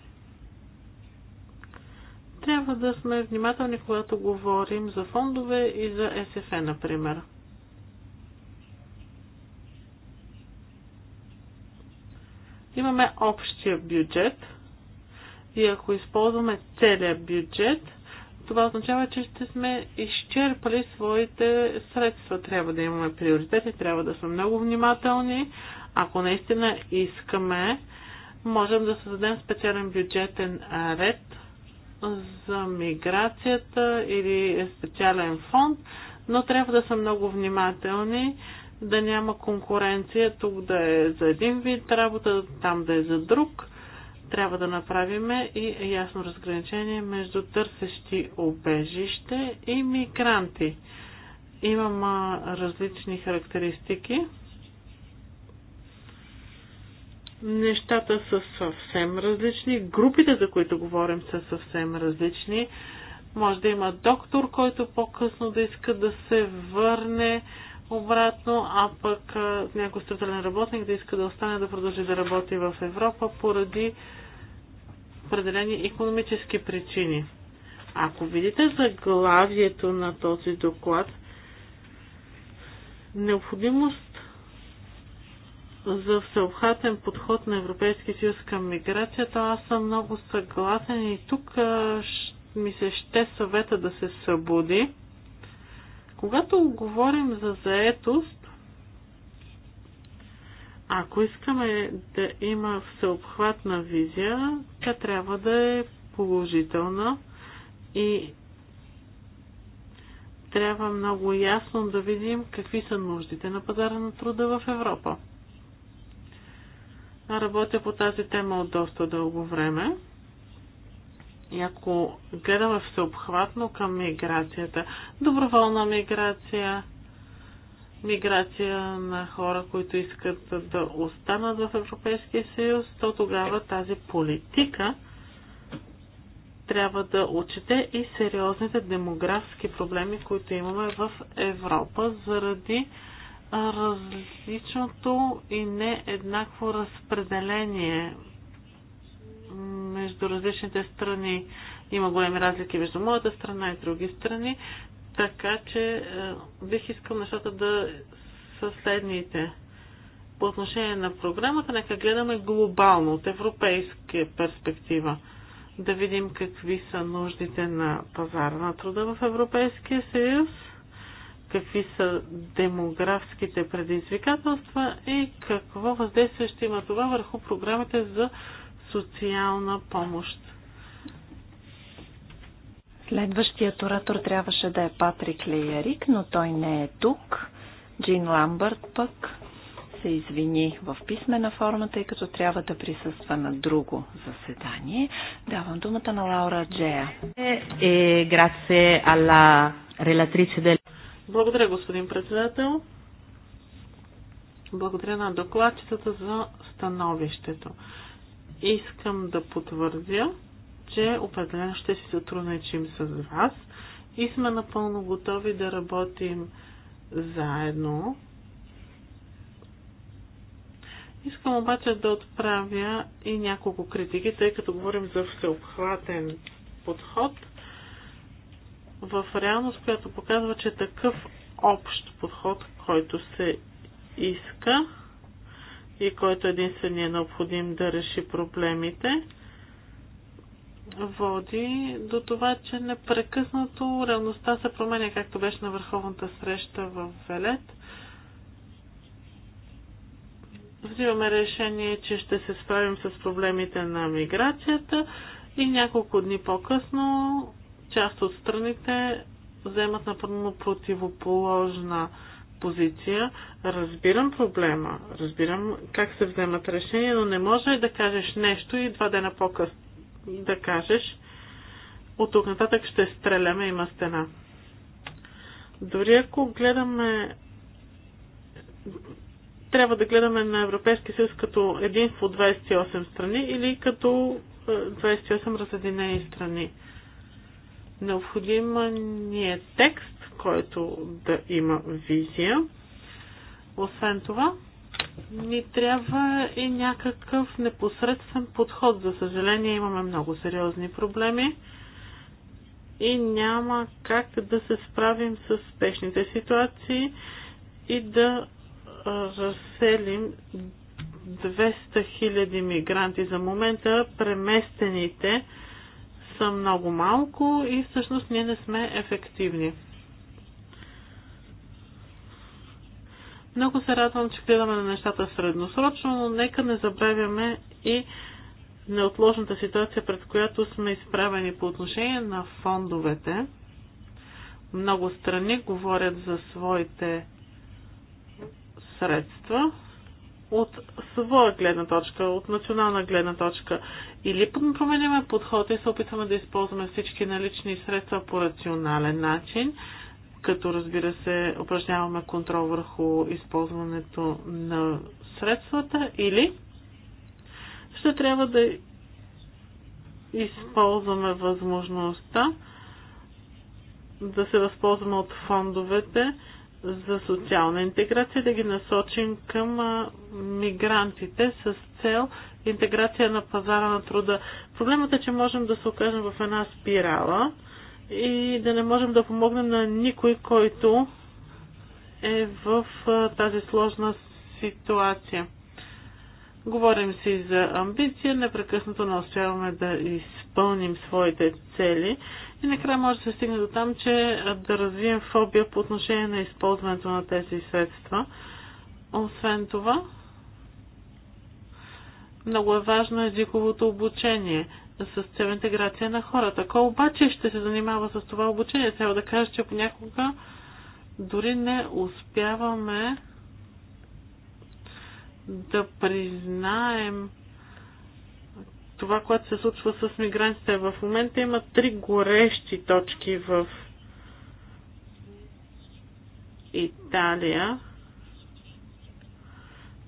трябва да сме внимателни, когато говорим за фондове и за СФ, например. Имаме общия бюджет и ако използваме целият бюджет, това означава, че ще сме изчерпали своите средства. Трябва да имаме приоритети, трябва да сме много внимателни. Ако наистина искаме, можем да създадем специален бюджетен ред, за миграцията или специален фонд, но трябва да са много внимателни, да няма конкуренция, тук да е за един вид работа, там да е за друг. Трябва да направим и ясно разграничение между търсещи обежище и мигранти. Имам различни характеристики нещата са съвсем различни, групите, за които говорим, са съвсем различни. Може да има доктор, който по-късно да иска да се върне обратно, а пък някой строителен работник да иска да остане да продължи да работи в Европа поради определени економически причини. Ако видите заглавието на този доклад, необходимост за всеобхватен подход на Европейския съюз към миграцията, аз съм много съгласен и тук ми се ще съвета да се събуди. Когато говорим за заетост, ако искаме да има всеобхватна визия, тя трябва да е положителна и трябва много ясно да видим какви са нуждите на пазара на труда в Европа. Работя по тази тема от доста дълго време. И ако гледаме всеобхватно към миграцията, доброволна миграция, миграция на хора, които искат да останат в Европейския съюз, то тогава тази политика трябва да отчете и сериозните демографски проблеми, които имаме в Европа заради различното и не еднакво разпределение между различните страни. Има големи разлики между моята страна и други страни, така че е, бих искал нещата да са следните. По отношение на програмата, нека гледаме глобално, от европейска перспектива. Да видим какви са нуждите на пазара на труда в Европейския съюз – какви са демографските предизвикателства и какво въздействие ще има това върху програмите за социална помощ. Следващият оратор трябваше да е Патрик Леярик, но той не е тук. Джин Ламбърт пък се извини в писмена форма, тъй като трябва да присъства на друго заседание. Давам думата на Лаура Джея. Е, е, грация алла релатриче благодаря, господин председател. Благодаря на докладчетата за становището. Искам да потвърдя, че определено ще си сътрудничим с вас и сме напълно готови да работим заедно. Искам обаче да отправя и няколко критики, тъй като говорим за всеобхватен подход – в реалност, която показва, че такъв общ подход, който се иска и който единствено е необходим да реши проблемите, води до това, че непрекъснато реалността се променя, както беше на върховната среща в Велет. Взимаме решение, че ще се справим с проблемите на миграцията и няколко дни по-късно част от страните вземат напълно противоположна позиция. Разбирам проблема, разбирам как се вземат решения, но не може да кажеш нещо и два дена по-късно да кажеш от тук нататък ще стреляме, има стена. Дори ако гледаме трябва да гледаме на Европейския съюз като един от 28 страни или като 28 е, разединени страни. Необходима ни е текст, който да има визия. Освен това, ни трябва и някакъв непосредствен подход. За съжаление, имаме много сериозни проблеми и няма как да се справим с спешните ситуации и да разселим 200 000 мигранти. За момента преместените са много малко и всъщност ние не сме ефективни. Много се радвам, че гледаме на нещата средносрочно, но нека не забравяме и неотложната ситуация, пред която сме изправени по отношение на фондовете. Много страни говорят за своите средства, от своя гледна точка, от национална гледна точка. Или променяме подход и се опитваме да използваме всички налични средства по рационален начин, като разбира се упражняваме контрол върху използването на средствата, или ще трябва да използваме възможността да се възползваме от фондовете, за социална интеграция, да ги насочим към мигрантите с цел интеграция на пазара на труда. Проблемът е, че можем да се окажем в една спирала и да не можем да помогнем на никой, който е в тази сложна ситуация. Говорим си за амбиция, непрекъснато настояваме да изпълним своите цели и накрая може да се стигне до там, че да развием фобия по отношение на използването на тези средства. Освен това, много е важно езиковото обучение с цел интеграция на хората. Кой обаче ще се занимава с това обучение? Трябва да кажа, че понякога дори не успяваме да признаем това, което се случва с мигрантите. В момента има три горещи точки в Италия,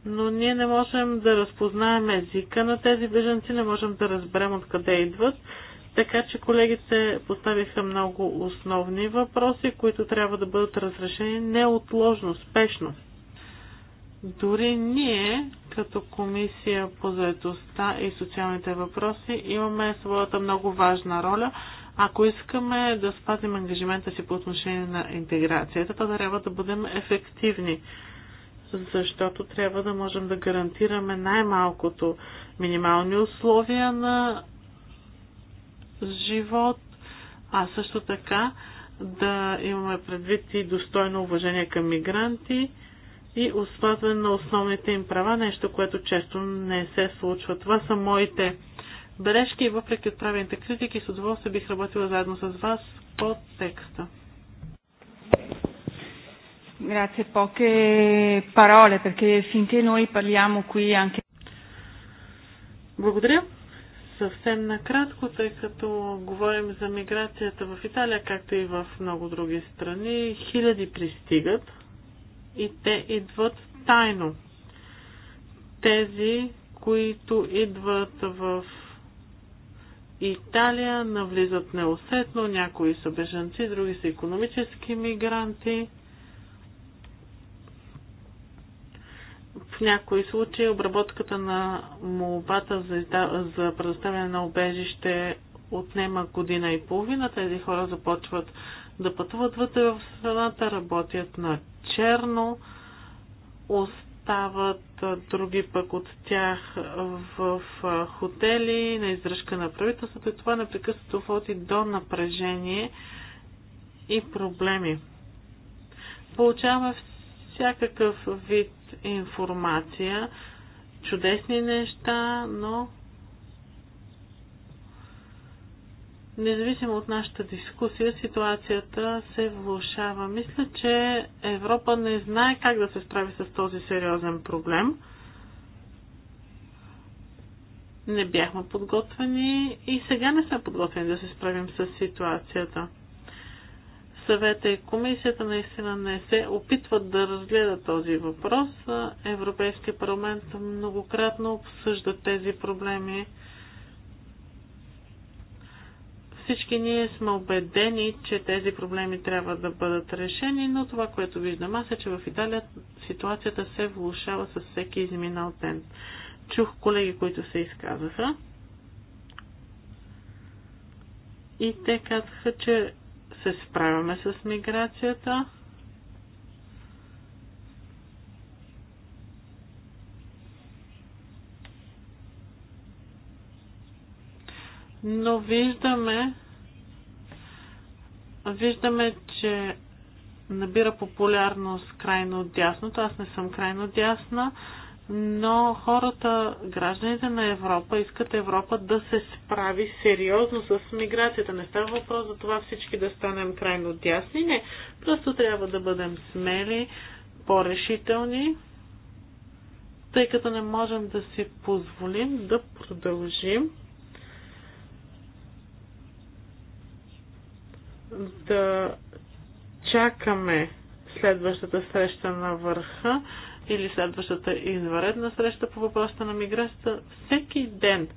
но ние не можем да разпознаем езика на тези беженци, не можем да разберем откъде идват. Така че колегите поставиха много основни въпроси, които трябва да бъдат разрешени неотложно, спешно. Дори ние, като комисия по заедостта и социалните въпроси имаме своята много важна роля. Ако искаме да спазим ангажимента си по отношение на интеграцията, то трябва да бъдем ефективни, защото трябва да можем да гарантираме най-малкото минимални условия на живот, а също така да имаме предвид и достойно уважение към мигранти и спазване на основните им права, нещо, което често не се случва. Това са моите бележки и въпреки отправените критики, с удоволствие бих работила заедно с вас по текста. Grazie, poche parole perché finché noi parliamo qui anche. Благодаря. Съвсем накратко, тъй като говорим за миграцията в Италия, както и в много други страни, хиляди пристигат и те идват тайно. Тези, които идват в Италия, навлизат неусетно, някои са бежанци, други са економически мигранти. В някои случаи обработката на молбата за, за предоставяне на обежище отнема година и половина. Тези хора започват да пътуват вътре в страната, работят на черно, остават други пък от тях в хотели, на издръжка на правителството и това непрекъснато води до напрежение и проблеми. Получава всякакъв вид информация, чудесни неща, но Независимо от нашата дискусия, ситуацията се влушава. Мисля, че Европа не знае как да се справи с този сериозен проблем. Не бяхме подготвени и сега не сме подготвени да се справим с ситуацията съвета и комисията наистина не се опитват да разгледат този въпрос. Европейския парламент многократно обсъжда тези проблеми всички ние сме убедени, че тези проблеми трябва да бъдат решени, но това, което виждам аз е, че в Италия ситуацията се влушава с всеки изминал ден. Чух колеги, които се изказаха и те казаха, че се справяме с миграцията, но виждаме, виждаме, че набира популярност крайно дясното. Аз не съм крайно дясна, но хората, гражданите на Европа искат Европа да се справи сериозно с миграцията. Не става въпрос за това всички да станем крайно дясни. Не, просто трябва да бъдем смели, по-решителни, тъй като не можем да си позволим да продължим да чакаме следващата среща на върха или следващата извънредна среща по въпроса на миграцията всеки ден.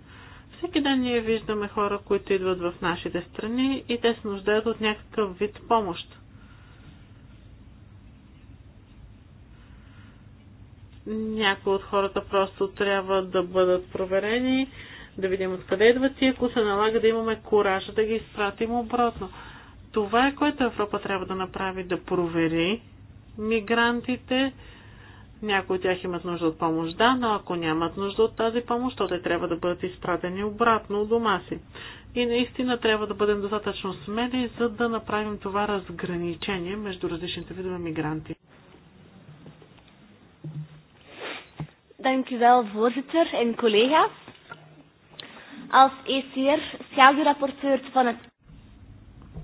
Всеки ден ние виждаме хора, които идват в нашите страни и те се нуждаят от някакъв вид помощ. Някои от хората просто трябва да бъдат проверени, да видим откъде идват и ако се налага да имаме коража да ги изпратим обратно. Това е което Европа трябва да направи, да провери мигрантите. Някои от тях имат нужда от помощ, да, но ако нямат нужда от тази помощ, то те трябва да бъдат изпратени обратно у дома си. И наистина трябва да бъдем достатъчно смели, за да направим това разграничение между различните видове мигранти. Dankjewel, voorzitter en collega's. Als ECR schaduwrapporteur van het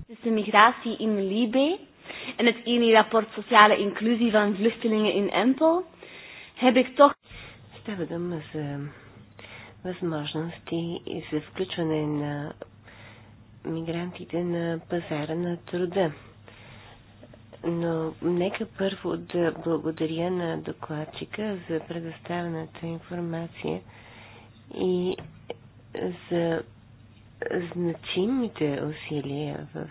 Tussen migratie in Libé en het INI-rapport Sociale Inclusie van Vluchtelingen in Empel heb ik toch... Става дума за възможности и за включване на мигрантите на пазара на труда. Но нека първо да благодаря на докладчика за предоставената информация и за значимите усилия, в,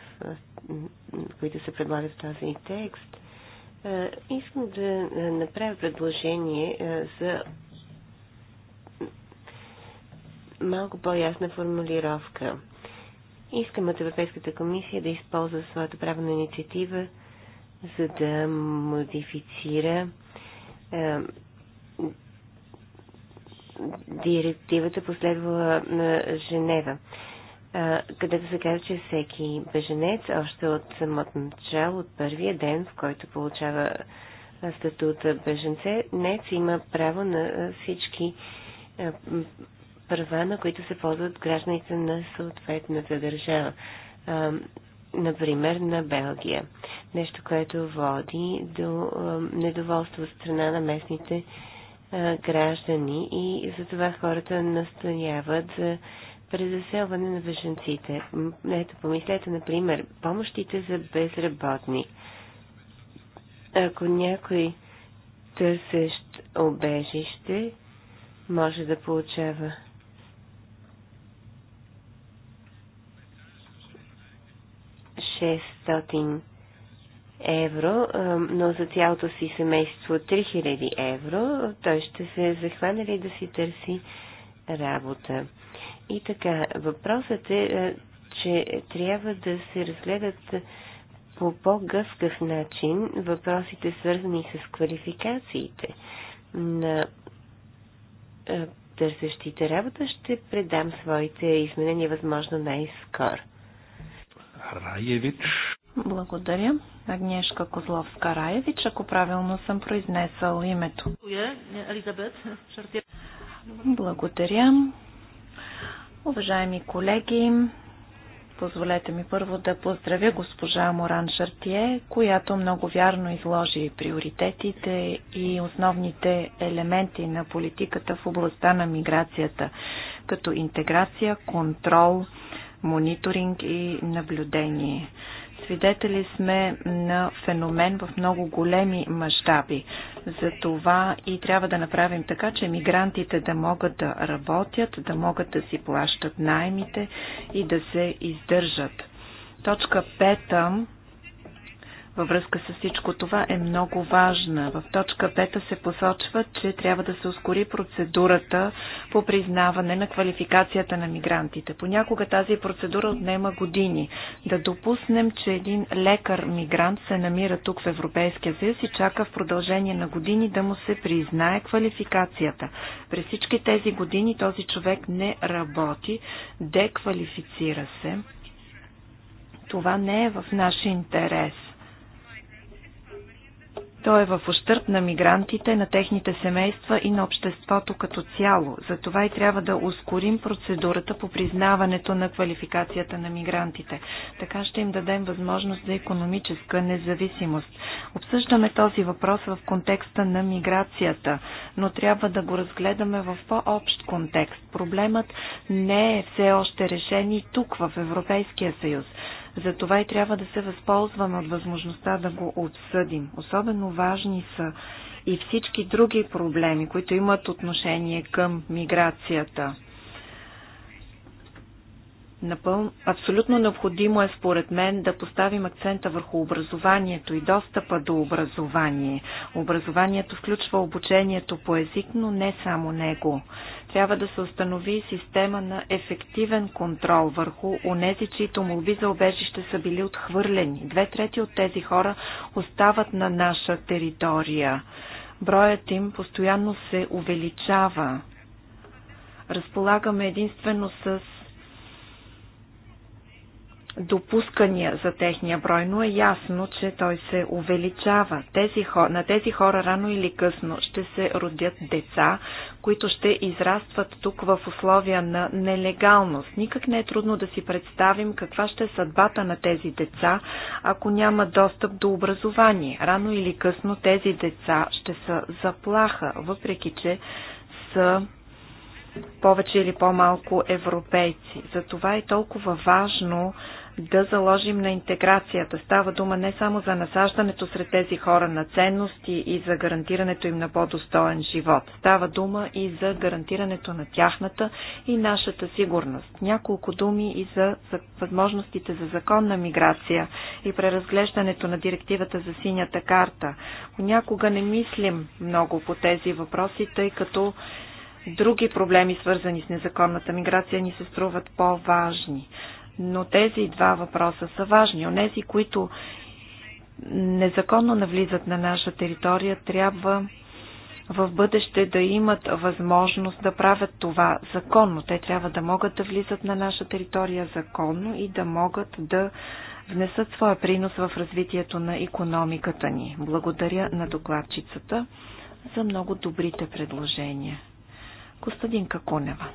които се предлагат в този текст, е, искам да е, направя предложение е, за малко по-ясна формулировка. Искам от Европейската комисия да използва своята правна инициатива, за да модифицира е, директивата последвала на Женева където се казва, че всеки беженец още от самото начало, от първия ден, в който получава статута беженце, нец има право на всички права, на които се ползват гражданите на съответната държава. Например, на Белгия. Нещо, което води до недоволство от страна на местните граждани и затова хората настояват за през заселване на бежанците. Ето, помислете, например, помощите за безработни. Ако някой търсещ обежище може да получава шестстотин евро, но за цялото си семейство 3000 евро, той ще се захване ли да си търси работа. И така, въпросът е, е, че трябва да се разгледат по по-гъвкав начин въпросите свързани с квалификациите на е, търсещите работа. Ще предам своите изменения възможно най-скоро. Раевич. Благодаря. Агнешка Козловска Раевич, ако правилно съм произнесъл името. Елизабет. Благодаря. Уважаеми колеги, позволете ми първо да поздравя госпожа Моран Шартие, която много вярно изложи приоритетите и основните елементи на политиката в областта на миграцията, като интеграция, контрол, мониторинг и наблюдение свидетели сме на феномен в много големи мащаби. За това и трябва да направим така, че мигрантите да могат да работят, да могат да си плащат найемите и да се издържат. Точка 5 във връзка с всичко това е много важна. В точка 5 се посочва, че трябва да се ускори процедурата по признаване на квалификацията на мигрантите. Понякога тази процедура отнема години. Да допуснем, че един лекар-мигрант се намира тук в Европейския съюз и чака в продължение на години да му се признае квалификацията. През всички тези години този човек не работи, деквалифицира се. Това не е в наш интерес. Той е в ущърп на мигрантите, на техните семейства и на обществото като цяло. Затова и трябва да ускорим процедурата по признаването на квалификацията на мигрантите. Така ще им дадем възможност за економическа независимост. Обсъждаме този въпрос в контекста на миграцията, но трябва да го разгледаме в по-общ контекст. Проблемът не е все още решен и тук в Европейския съюз. Затова и трябва да се възползваме от възможността да го обсъдим. Особено важни са и всички други проблеми, които имат отношение към миграцията. Напълно, абсолютно необходимо е според мен да поставим акцента върху образованието и достъпа до образование. Образованието включва обучението по език, но не само него. Трябва да се установи система на ефективен контрол върху онези, чието молби за обежище са били отхвърлени. Две трети от тези хора остават на наша територия. Броят им постоянно се увеличава разполагаме единствено с допускания за техния брой, но е ясно, че той се увеличава. Тези хора, на тези хора рано или късно ще се родят деца, които ще израстват тук в условия на нелегалност. Никак не е трудно да си представим каква ще е съдбата на тези деца, ако няма достъп до образование. Рано или късно тези деца ще са заплаха, въпреки че са повече или по-малко европейци. Затова е толкова важно да заложим на интеграцията. Става дума не само за насаждането сред тези хора на ценности и за гарантирането им на по-достоен живот. Става дума и за гарантирането на тяхната и нашата сигурност. Няколко думи и за, възможностите за законна миграция и преразглеждането на директивата за синята карта. Понякога не мислим много по тези въпроси, тъй като други проблеми, свързани с незаконната миграция, ни се струват по-важни но тези два въпроса са важни. Онези, които незаконно навлизат на наша територия, трябва в бъдеще да имат възможност да правят това законно. Те трябва да могат да влизат на наша територия законно и да могат да внесат своя принос в развитието на економиката ни. Благодаря на докладчицата за много добрите предложения. Костадинка Какунева,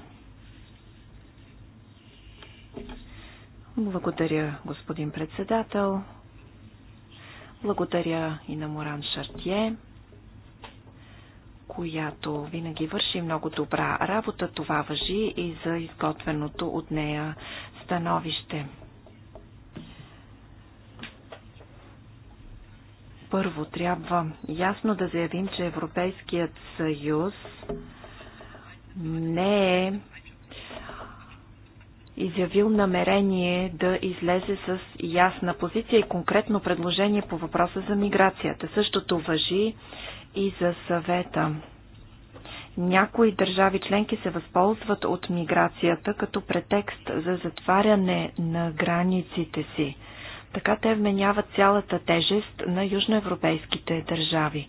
благодаря, господин председател. Благодаря и на Моран Шартие, която винаги върши много добра работа. Това въжи и за изготвеното от нея становище. Първо трябва ясно да заявим, че Европейският съюз не е изявил намерение да излезе с ясна позиция и конкретно предложение по въпроса за миграцията. Същото въжи и за съвета. Някои държави членки се възползват от миграцията като претекст за затваряне на границите си. Така те вменяват цялата тежест на южноевропейските държави,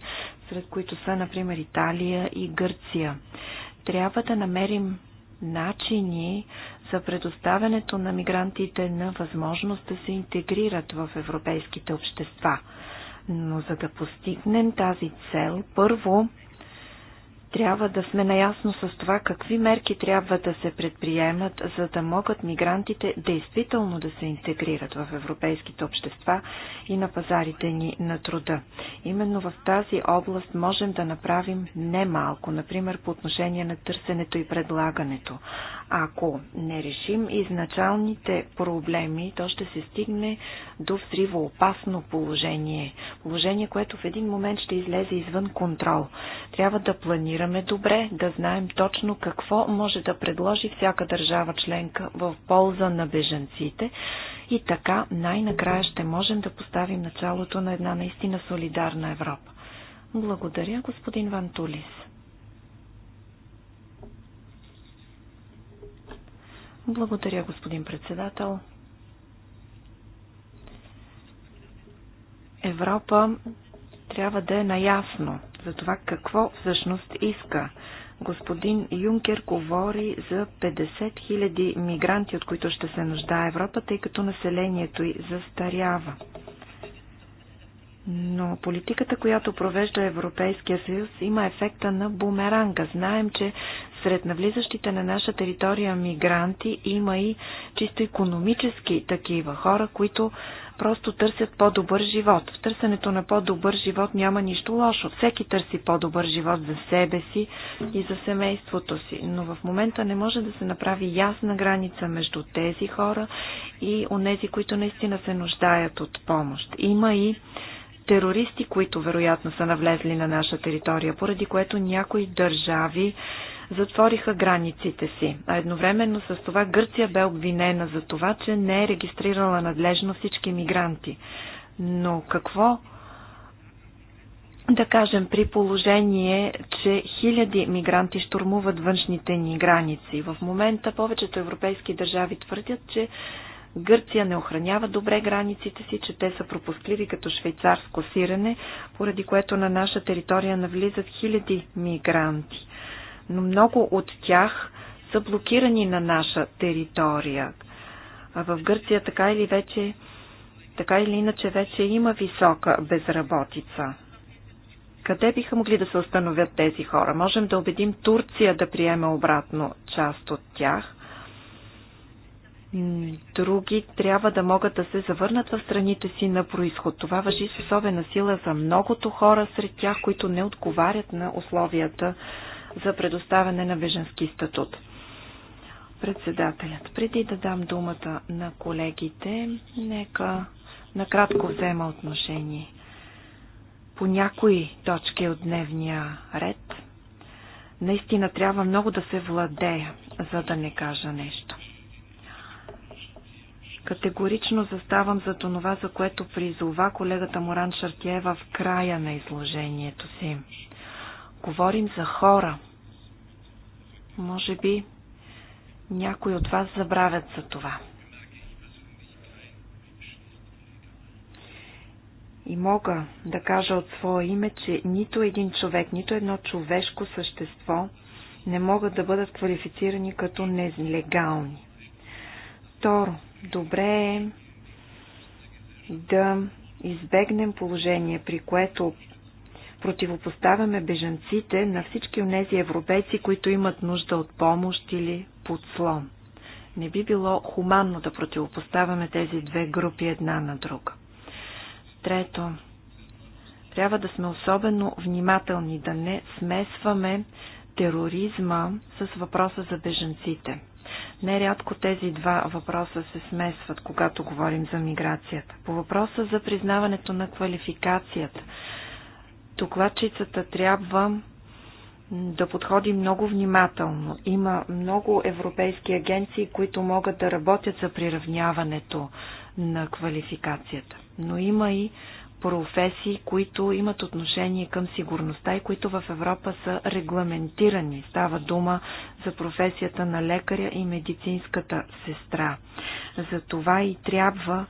сред които са, например, Италия и Гърция. Трябва да намерим начини за предоставянето на мигрантите на възможност да се интегрират в европейските общества. Но за да постигнем тази цел, първо трябва да сме наясно с това какви мерки трябва да се предприемат, за да могат мигрантите действително да се интегрират в европейските общества и на пазарите ни на труда. Именно в тази област можем да направим немалко, например по отношение на търсенето и предлагането. Ако не решим изначалните проблеми, то ще се стигне до взривоопасно положение. Положение, което в един момент ще излезе извън контрол. Трябва да планираме добре, да знаем точно какво може да предложи всяка държава членка в полза на бежанците и така най-накрая ще можем да поставим началото на една наистина солидарна Европа. Благодаря, господин Вантулис. Благодаря, господин председател. Европа трябва да е наясно за това какво всъщност иска. Господин Юнкер говори за 50 000 мигранти, от които ще се нуждае Европа, тъй като населението й застарява. Но политиката, която провежда Европейския съюз, има ефекта на бумеранга. Знаем, че сред навлизащите на наша територия мигранти има и чисто економически такива хора, които просто търсят по-добър живот. В търсенето на по-добър живот няма нищо лошо. Всеки търси по-добър живот за себе си и за семейството си. Но в момента не може да се направи ясна граница между тези хора и онези, които наистина се нуждаят от помощ. Има и терористи, които вероятно са навлезли на наша територия, поради което някои държави затвориха границите си, а едновременно с това Гърция бе обвинена за това, че не е регистрирала надлежно всички мигранти. Но какво да кажем при положение, че хиляди мигранти штурмуват външните ни граници? В момента повечето европейски държави твърдят, че Гърция не охранява добре границите си, че те са пропускливи като швейцарско сирене, поради което на наша територия навлизат хиляди мигранти но много от тях са блокирани на наша територия. А в Гърция така или вече така или иначе вече има висока безработица. Къде биха могли да се установят тези хора? Можем да убедим Турция да приеме обратно част от тях. Други трябва да могат да се завърнат в страните си на происход. Това въжи с особена сила за многото хора сред тях, които не отговарят на условията за предоставяне на беженски статут. Председателят, преди да дам думата на колегите, нека накратко взема отношение. По някои точки от дневния ред, наистина трябва много да се владея, за да не кажа нещо. Категорично заставам за това, за което призова колегата Моран Шартие в края на изложението си. Говорим за хора. Може би някои от вас забравят за това. И мога да кажа от своя име, че нито един човек, нито едно човешко същество не могат да бъдат квалифицирани като нелегални. Второ, добре е да избегнем положение, при което противопоставяме бежанците на всички онези европейци, които имат нужда от помощ или подслон. Не би било хуманно да противопоставяме тези две групи една на друга. Трето, трябва да сме особено внимателни, да не смесваме тероризма с въпроса за бежанците. Нерядко тези два въпроса се смесват, когато говорим за миграцията. По въпроса за признаването на квалификацията, докладчицата трябва да подходи много внимателно. Има много европейски агенции, които могат да работят за приравняването на квалификацията. Но има и професии, които имат отношение към сигурността и които в Европа са регламентирани. Става дума за професията на лекаря и медицинската сестра. За това и трябва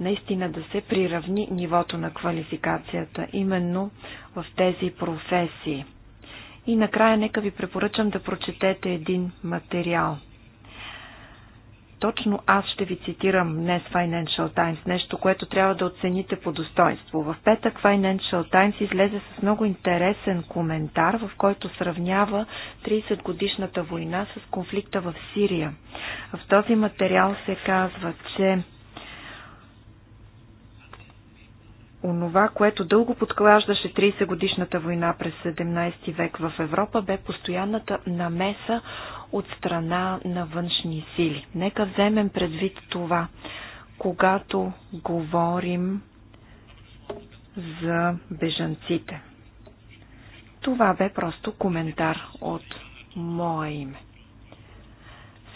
наистина да се приравни нивото на квалификацията именно в тези професии. И накрая нека ви препоръчам да прочетете един материал. Точно аз ще ви цитирам днес Financial Times, нещо, което трябва да оцените по достоинство. В петък Financial Times излезе с много интересен коментар, в който сравнява 30 годишната война с конфликта в Сирия. В този материал се казва, че онова, което дълго подклаждаше 30-годишната война през 17 век в Европа, бе постоянната намеса от страна на външни сили. Нека вземем предвид това, когато говорим за бежанците. Това бе просто коментар от мое име.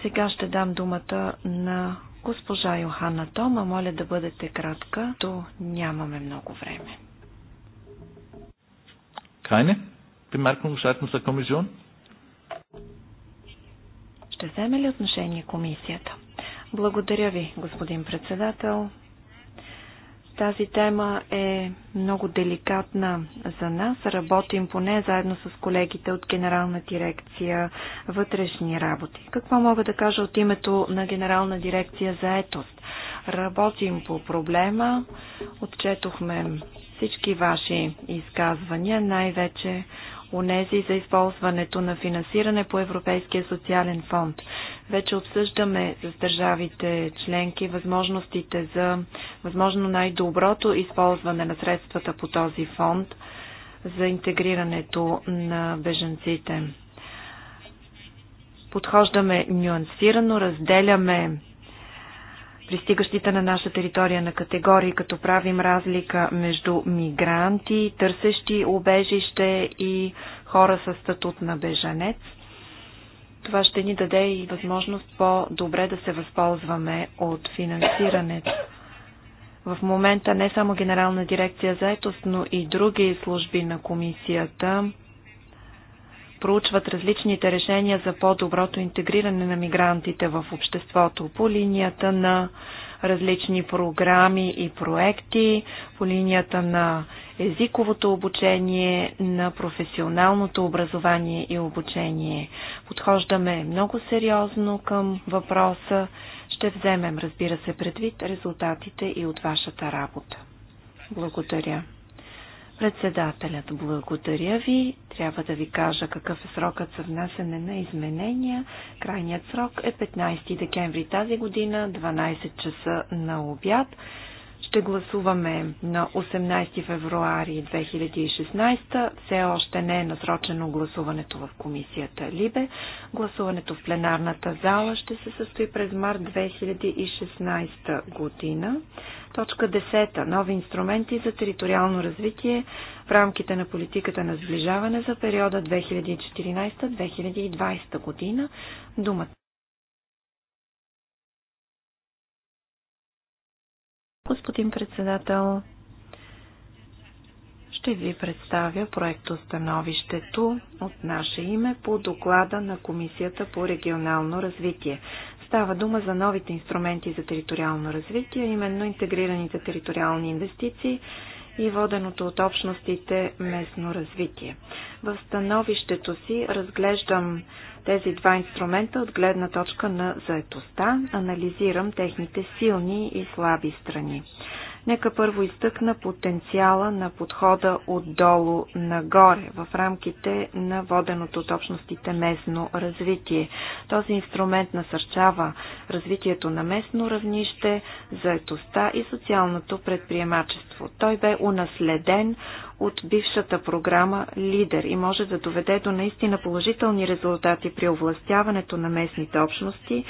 Сега ще дам думата на Госпожа Йохана Тома, моля да бъдете кратка, то нямаме много време. Кайне? Примерно, шартно за комисион? Ще вземе ли отношение комисията? Благодаря ви, господин председател. Тази тема е много деликатна за нас. Работим поне заедно с колегите от Генерална дирекция вътрешни работи. Какво мога да кажа от името на Генерална дирекция за етост? Работим по проблема. Отчетохме всички ваши изказвания, най-вече унези за използването на финансиране по Европейския социален фонд. Вече обсъждаме с държавите членки възможностите за възможно най-доброто използване на средствата по този фонд за интегрирането на беженците. Подхождаме нюансирано, разделяме пристигащите на наша територия на категории, като правим разлика между мигранти, търсещи убежище и хора с статут на бежанец. Това ще ни даде и възможност по-добре да се възползваме от финансирането. В момента не само Генерална дирекция заетост, но и други служби на комисията проучват различните решения за по-доброто интегриране на мигрантите в обществото по линията на различни програми и проекти, по линията на езиковото обучение, на професионалното образование и обучение. Подхождаме много сериозно към въпроса. Ще вземем, разбира се, предвид резултатите и от вашата работа. Благодаря. Председателят, благодаря ви. Трябва да ви кажа какъв е срокът за внасене на изменения. Крайният срок е 15 декември тази година, 12 часа на обяд. Ще гласуваме на 18 февруари 2016. Все още не е насрочено гласуването в комисията Либе. Гласуването в пленарната зала ще се състои през март 2016 година. Точка 10. Нови инструменти за териториално развитие в рамките на политиката на сближаване за периода 2014-2020 година. Думата Господин председател, ще ви представя проекто становището от наше име по доклада на Комисията по регионално развитие. Става дума за новите инструменти за териториално развитие, именно интегрираните териториални инвестиции и воденото от общностите местно развитие. В становището си разглеждам тези два инструмента от гледна точка на заетостта, анализирам техните силни и слаби страни. Нека първо изтъкна потенциала на подхода отдолу нагоре в рамките на воденото от общностите местно развитие. Този инструмент насърчава развитието на местно равнище, заетостта и социалното предприемачество. Той бе унаследен от бившата програма Лидер и може да доведе до наистина положителни резултати при овластяването на местните общности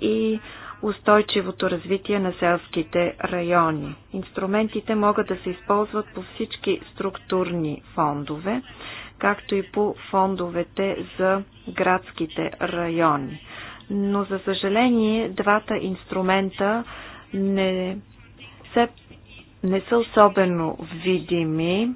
и устойчивото развитие на селските райони. Инструментите могат да се използват по всички структурни фондове, както и по фондовете за градските райони но за съжаление двата инструмента не, се, не са особено видими.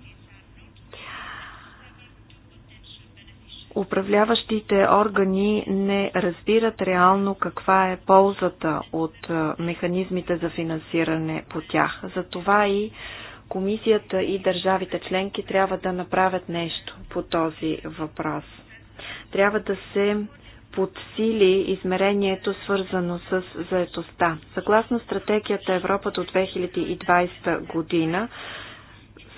Управляващите органи не разбират реално каква е ползата от механизмите за финансиране по тях. Затова и комисията и държавите членки трябва да направят нещо по този въпрос. Трябва да се подсили измерението свързано с заетостта. Съгласно стратегията Европа до 2020 година,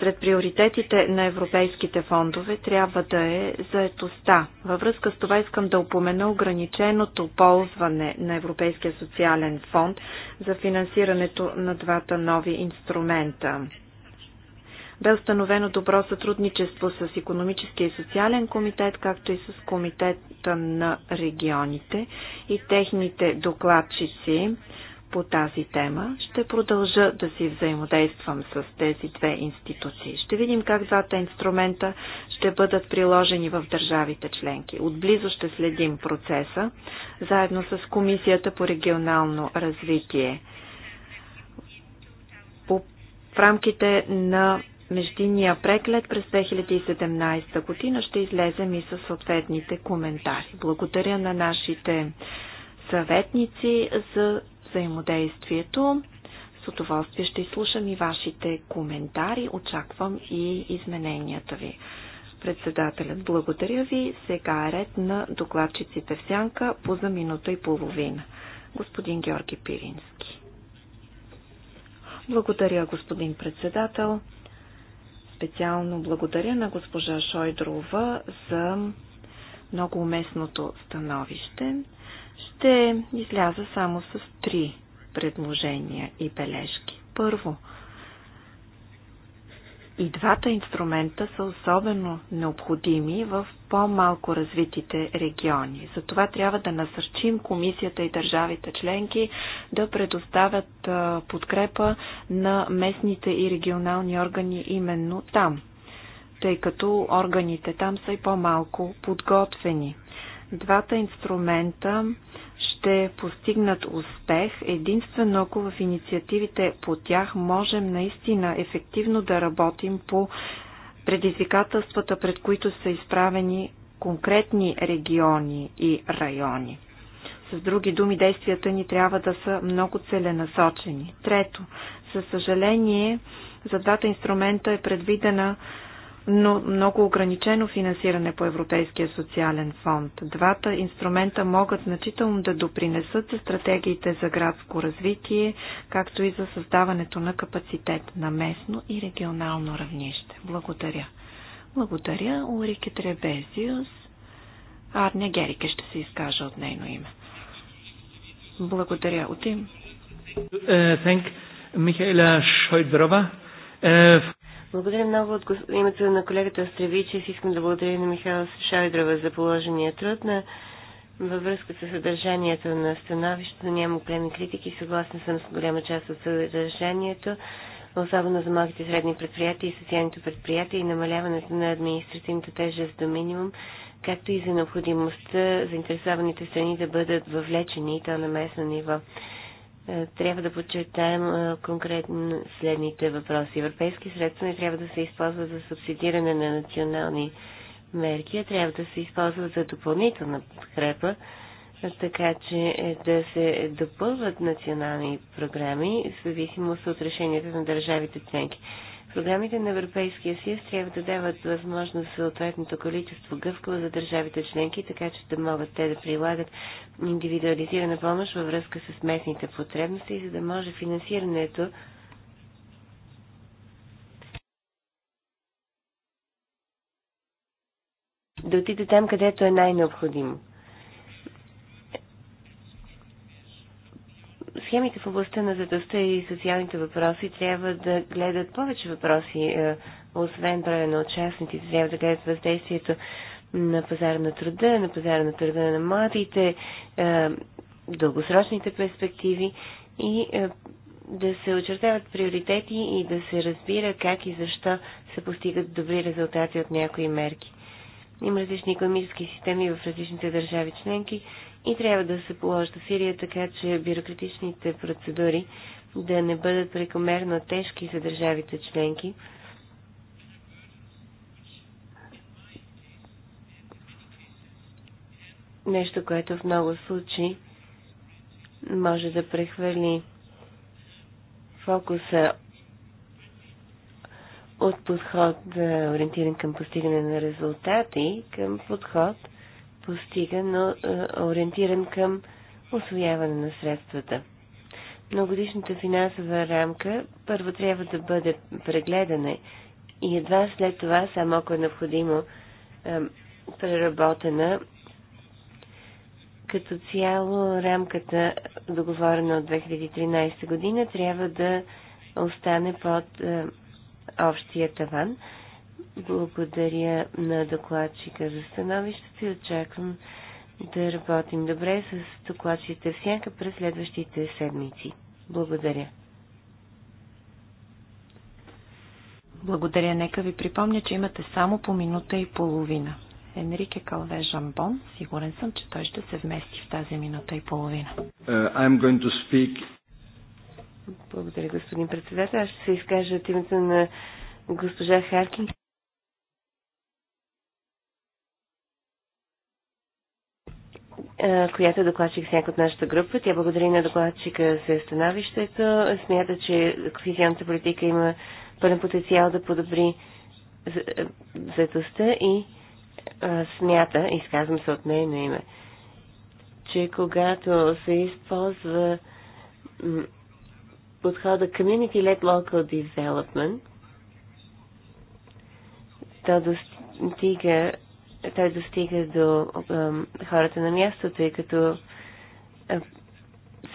сред приоритетите на европейските фондове трябва да е заетостта. Във връзка с това искам да упомена ограниченото ползване на Европейския социален фонд за финансирането на двата нови инструмента. Бе установено добро сътрудничество с економическия и социален комитет, както и с комитета на регионите и техните докладчици по тази тема. Ще продължа да си взаимодействам с тези две институции. Ще видим как двата инструмента ще бъдат приложени в държавите членки. Отблизо ще следим процеса, заедно с Комисията по регионално развитие. По в рамките на междинния преглед през 2017 година ще излезем и със съответните коментари. Благодаря на нашите съветници за взаимодействието. С удоволствие ще изслушам и вашите коментари. Очаквам и измененията ви. Председателят, благодаря ви. Сега е ред на докладчиците в сянка по за минута и половина. Господин Георги Пирински. Благодаря, господин председател. Специално благодаря на госпожа Шойдрова за много уместното становище. Ще изляза само с три предложения и бележки. Първо, и двата инструмента са особено необходими в по-малко развитите региони. Затова трябва да насърчим комисията и държавите членки да предоставят подкрепа на местните и регионални органи именно там, тъй като органите там са и по-малко подготвени. Двата инструмента ще постигнат успех единствено ако в инициативите по тях можем наистина ефективно да работим по предизвикателствата, пред които са изправени конкретни региони и райони. С други думи, действията ни трябва да са много целенасочени. Трето, със съжаление, за двата инструмента е предвидена но много ограничено финансиране по Европейския социален фонд. Двата инструмента могат значително да допринесат за стратегиите за градско развитие, както и за създаването на капацитет на местно и регионално равнище. Благодаря. Благодаря, Урике Требезиус. Арня Герике ще се изкаже от нейно име. Благодаря. От им. Е, thank Михаила Шойдрова. Е, благодаря много от името на колегата Остревичев. Искам да благодаря на Михайла Шайдрова за положения труд на във връзка с съдържанието на становището няма големи критики. Съгласна съм с голяма част от съдържанието, особено за малките средни предприятия и социалните предприятия и намаляването на административната тежест до минимум, както и за необходимостта заинтересованите страни да бъдат въвлечени и то на местно ниво. Е, трябва да подчертаем е, конкретно следните въпроси. Европейски средства не трябва да се използват за субсидиране на национални мерки, а трябва да се използват за допълнителна подкрепа, така че е, да се допълват национални програми в зависимост от решенията на държавите членки. Програмите на Европейския съюз трябва да дават възможност съответното количество гъвкава за държавите членки, така че да могат те да прилагат индивидуализирана помощ във връзка с местните потребности, за да може финансирането да отиде там, където е най-необходимо. схемите в областта на задостта и социалните въпроси трябва да гледат повече въпроси, е, освен броя на участниците, трябва да гледат въздействието на пазара на труда, на пазара на труда на младите, е, дългосрочните перспективи и е, да се очертават приоритети и да се разбира как и защо се постигат добри резултати от някои мерки. Има различни економически системи в различните държави членки и трябва да се положат усилия така, че бюрократичните процедури да не бъдат прекомерно тежки за държавите членки. Нещо, което в много случаи може да прехвърли фокуса от подход ориентиран към постигане на резултати към подход – постига, но е, ориентиран към освояване на средствата. Многодишната финансова рамка първо трябва да бъде прегледана и едва след това, само ако е необходимо, е, преработена. Като цяло рамката, договорена от 2013 година, трябва да остане под е, общия таван. Благодаря на докладчика за становището и очаквам да работим добре с докладчите в сянка през следващите седмици. Благодаря. Благодаря. Нека ви припомня, че имате само по минута и половина. Енрике Калве Жамбон, сигурен съм, че той ще се вмести в тази минута и половина. Uh, I'm going to speak... Благодаря, господин председател. Аз ще се изкажа от името на госпожа Харкин. Е, която е докладчик сняк от нашата група. Тя благодари на докладчика за становището. Смята, че кохезионната политика има пълен потенциал да подобри е, заедостта и е, смята, изказвам се от нейно име, че когато се използва подхода Community-led local development, то достига той достига до хората на място, тъй като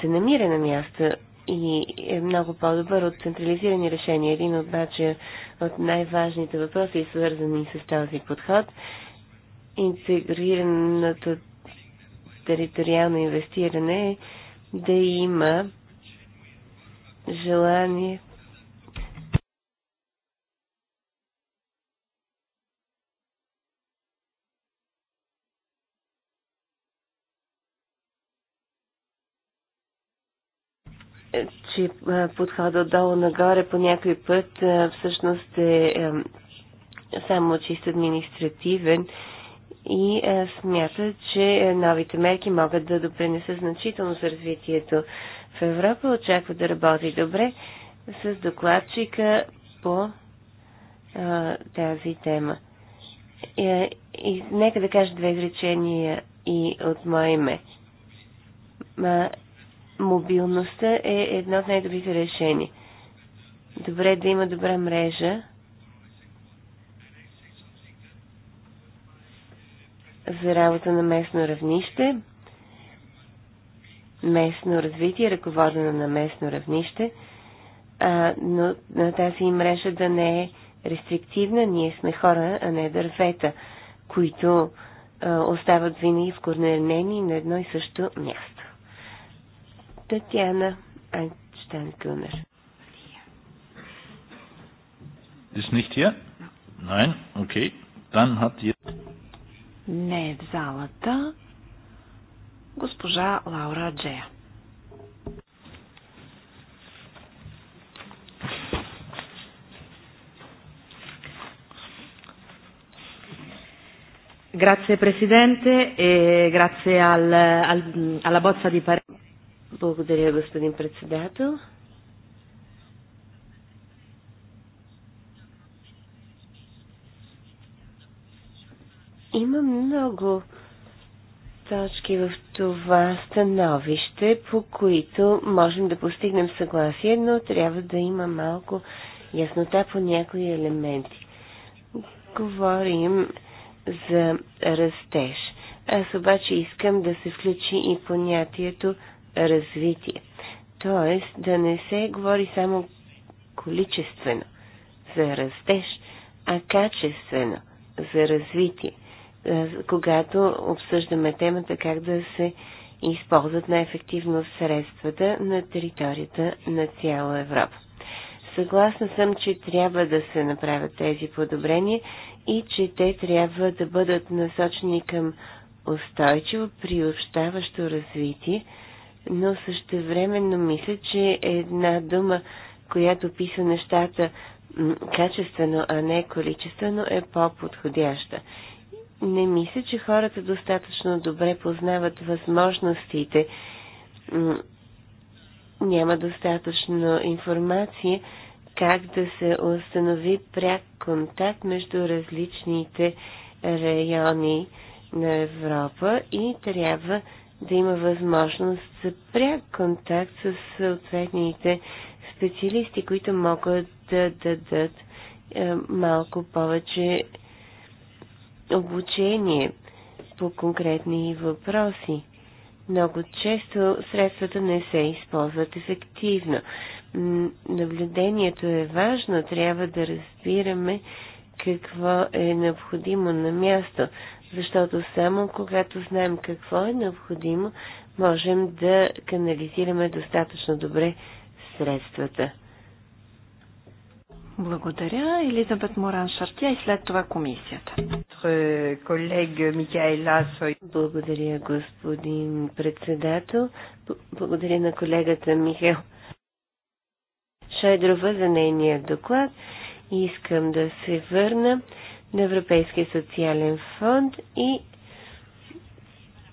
се намира на място и е много по-добър от централизирани решения. Един обаче от най-важните въпроси, свързани с този подход, интегрираното териториално инвестиране е да има желание Е, че е, подхода отдолу нагоре по някой път е, всъщност е само чисто административен и смята, че новите мерки могат да допринесат значително за развитието в Европа. Очаква да работи добре с докладчика по тази тема. И, и нека да кажа две изречения и от мое име мобилността е едно от най-добрите решения. Добре е да има добра мрежа, за работа на местно равнище, местно развитие, ръководено на местно равнище, а, но на тази мрежа да не е рестриктивна. Ние сме хора, а не дървета, които а, остават винаги в корнернени на едно и също място. Татьяна Einstein-Kühner. Ist nicht hier? Nein? Okay. Dann hat ihr... Не е в залата. Госпожа Лаура Джея. Grazie Presidente e grazie al, al, alla bozza di parere. Благодаря, господин председател. Има много точки в това становище, по които можем да постигнем съгласие, но трябва да има малко яснота по някои елементи. Говорим за растеж. Аз обаче искам да се включи и понятието развитие. Тоест да не се говори само количествено за растеж, а качествено за развитие, е, когато обсъждаме темата как да се използват най-ефективно средствата на територията на цяла Европа. Съгласна съм, че трябва да се направят тези подобрения и че те трябва да бъдат насочени към устойчиво приобщаващо развитие, но същевременно мисля, че е една дума, която писа нещата качествено, а не количествено, е по-подходяща. Не мисля, че хората достатъчно добре познават възможностите. Няма достатъчно информация как да се установи пряк контакт между различните райони на Европа и трябва да има възможност за пряк контакт с съответните специалисти, които могат да дадат е, малко повече обучение по конкретни въпроси. Много често средствата не се използват ефективно. Наблюдението е важно, трябва да разбираме какво е необходимо на място защото само когато знаем какво е необходимо, можем да канализираме достатъчно добре средствата. Благодаря. Елизабет Моран Шартия и след това комисията. Е, благодаря, господин председател. Благодаря на колегата Михаил Шайдрова за нейния доклад. Искам да се върна на Европейския социален фонд и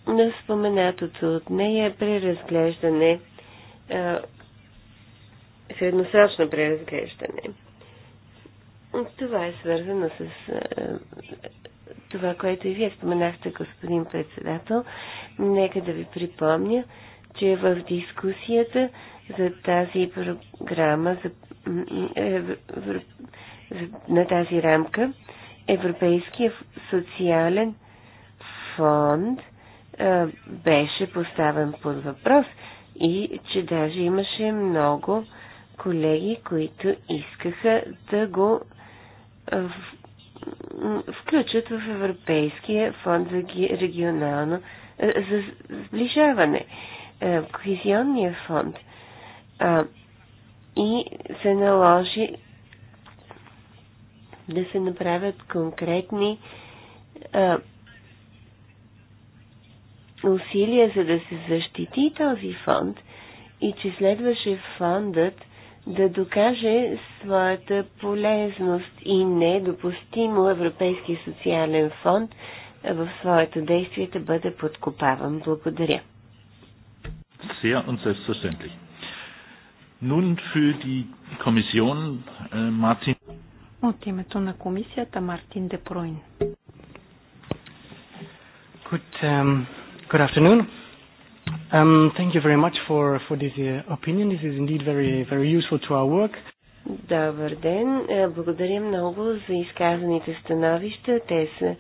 на споменатото от нея преразглеждане, средносрочно преразглеждане. Това е свързано с това, което и вие споменахте, господин председател. Нека да ви припомня, че в дискусията за тази програма, за, на тази рамка, Европейския социален фонд а, беше поставен под въпрос и че даже имаше много колеги, които искаха да го а, включат в Европейския фонд за регионално а, за сближаване, Кохезионния фонд. И се наложи да се направят конкретни а, усилия, за да се защити този фонд и че следваше фондът да докаже своята полезност и недопустимо Европейски социален фонд в своето действие да бъде подкопаван. Благодаря. Sehr und selbstverständlich. Nun für die Kommission äh, Martin. От името на комисията Мартин Депройн. Good, um, good afternoon. Um, thank you very much for, for this uh, opinion. This is indeed very, very useful to our work. Добър ден. Е, благодаря много за изказаните становища. Те са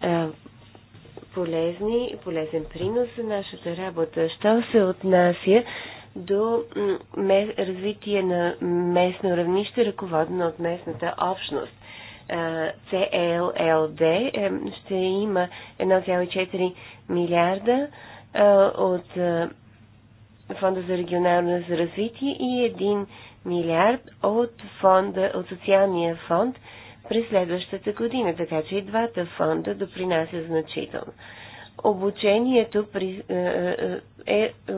а, е, полезни и полезен принос за нашата работа. Що се отнася до развитие на местно равнище, ръководено от местната общност. CLLD ще има 1,4 милиарда от Фонда за регионално за развитие и 1 милиард от, фонда, от социалния фонд през следващата година, така че и двата фонда допринася значително. Обучението при, е, е, е, е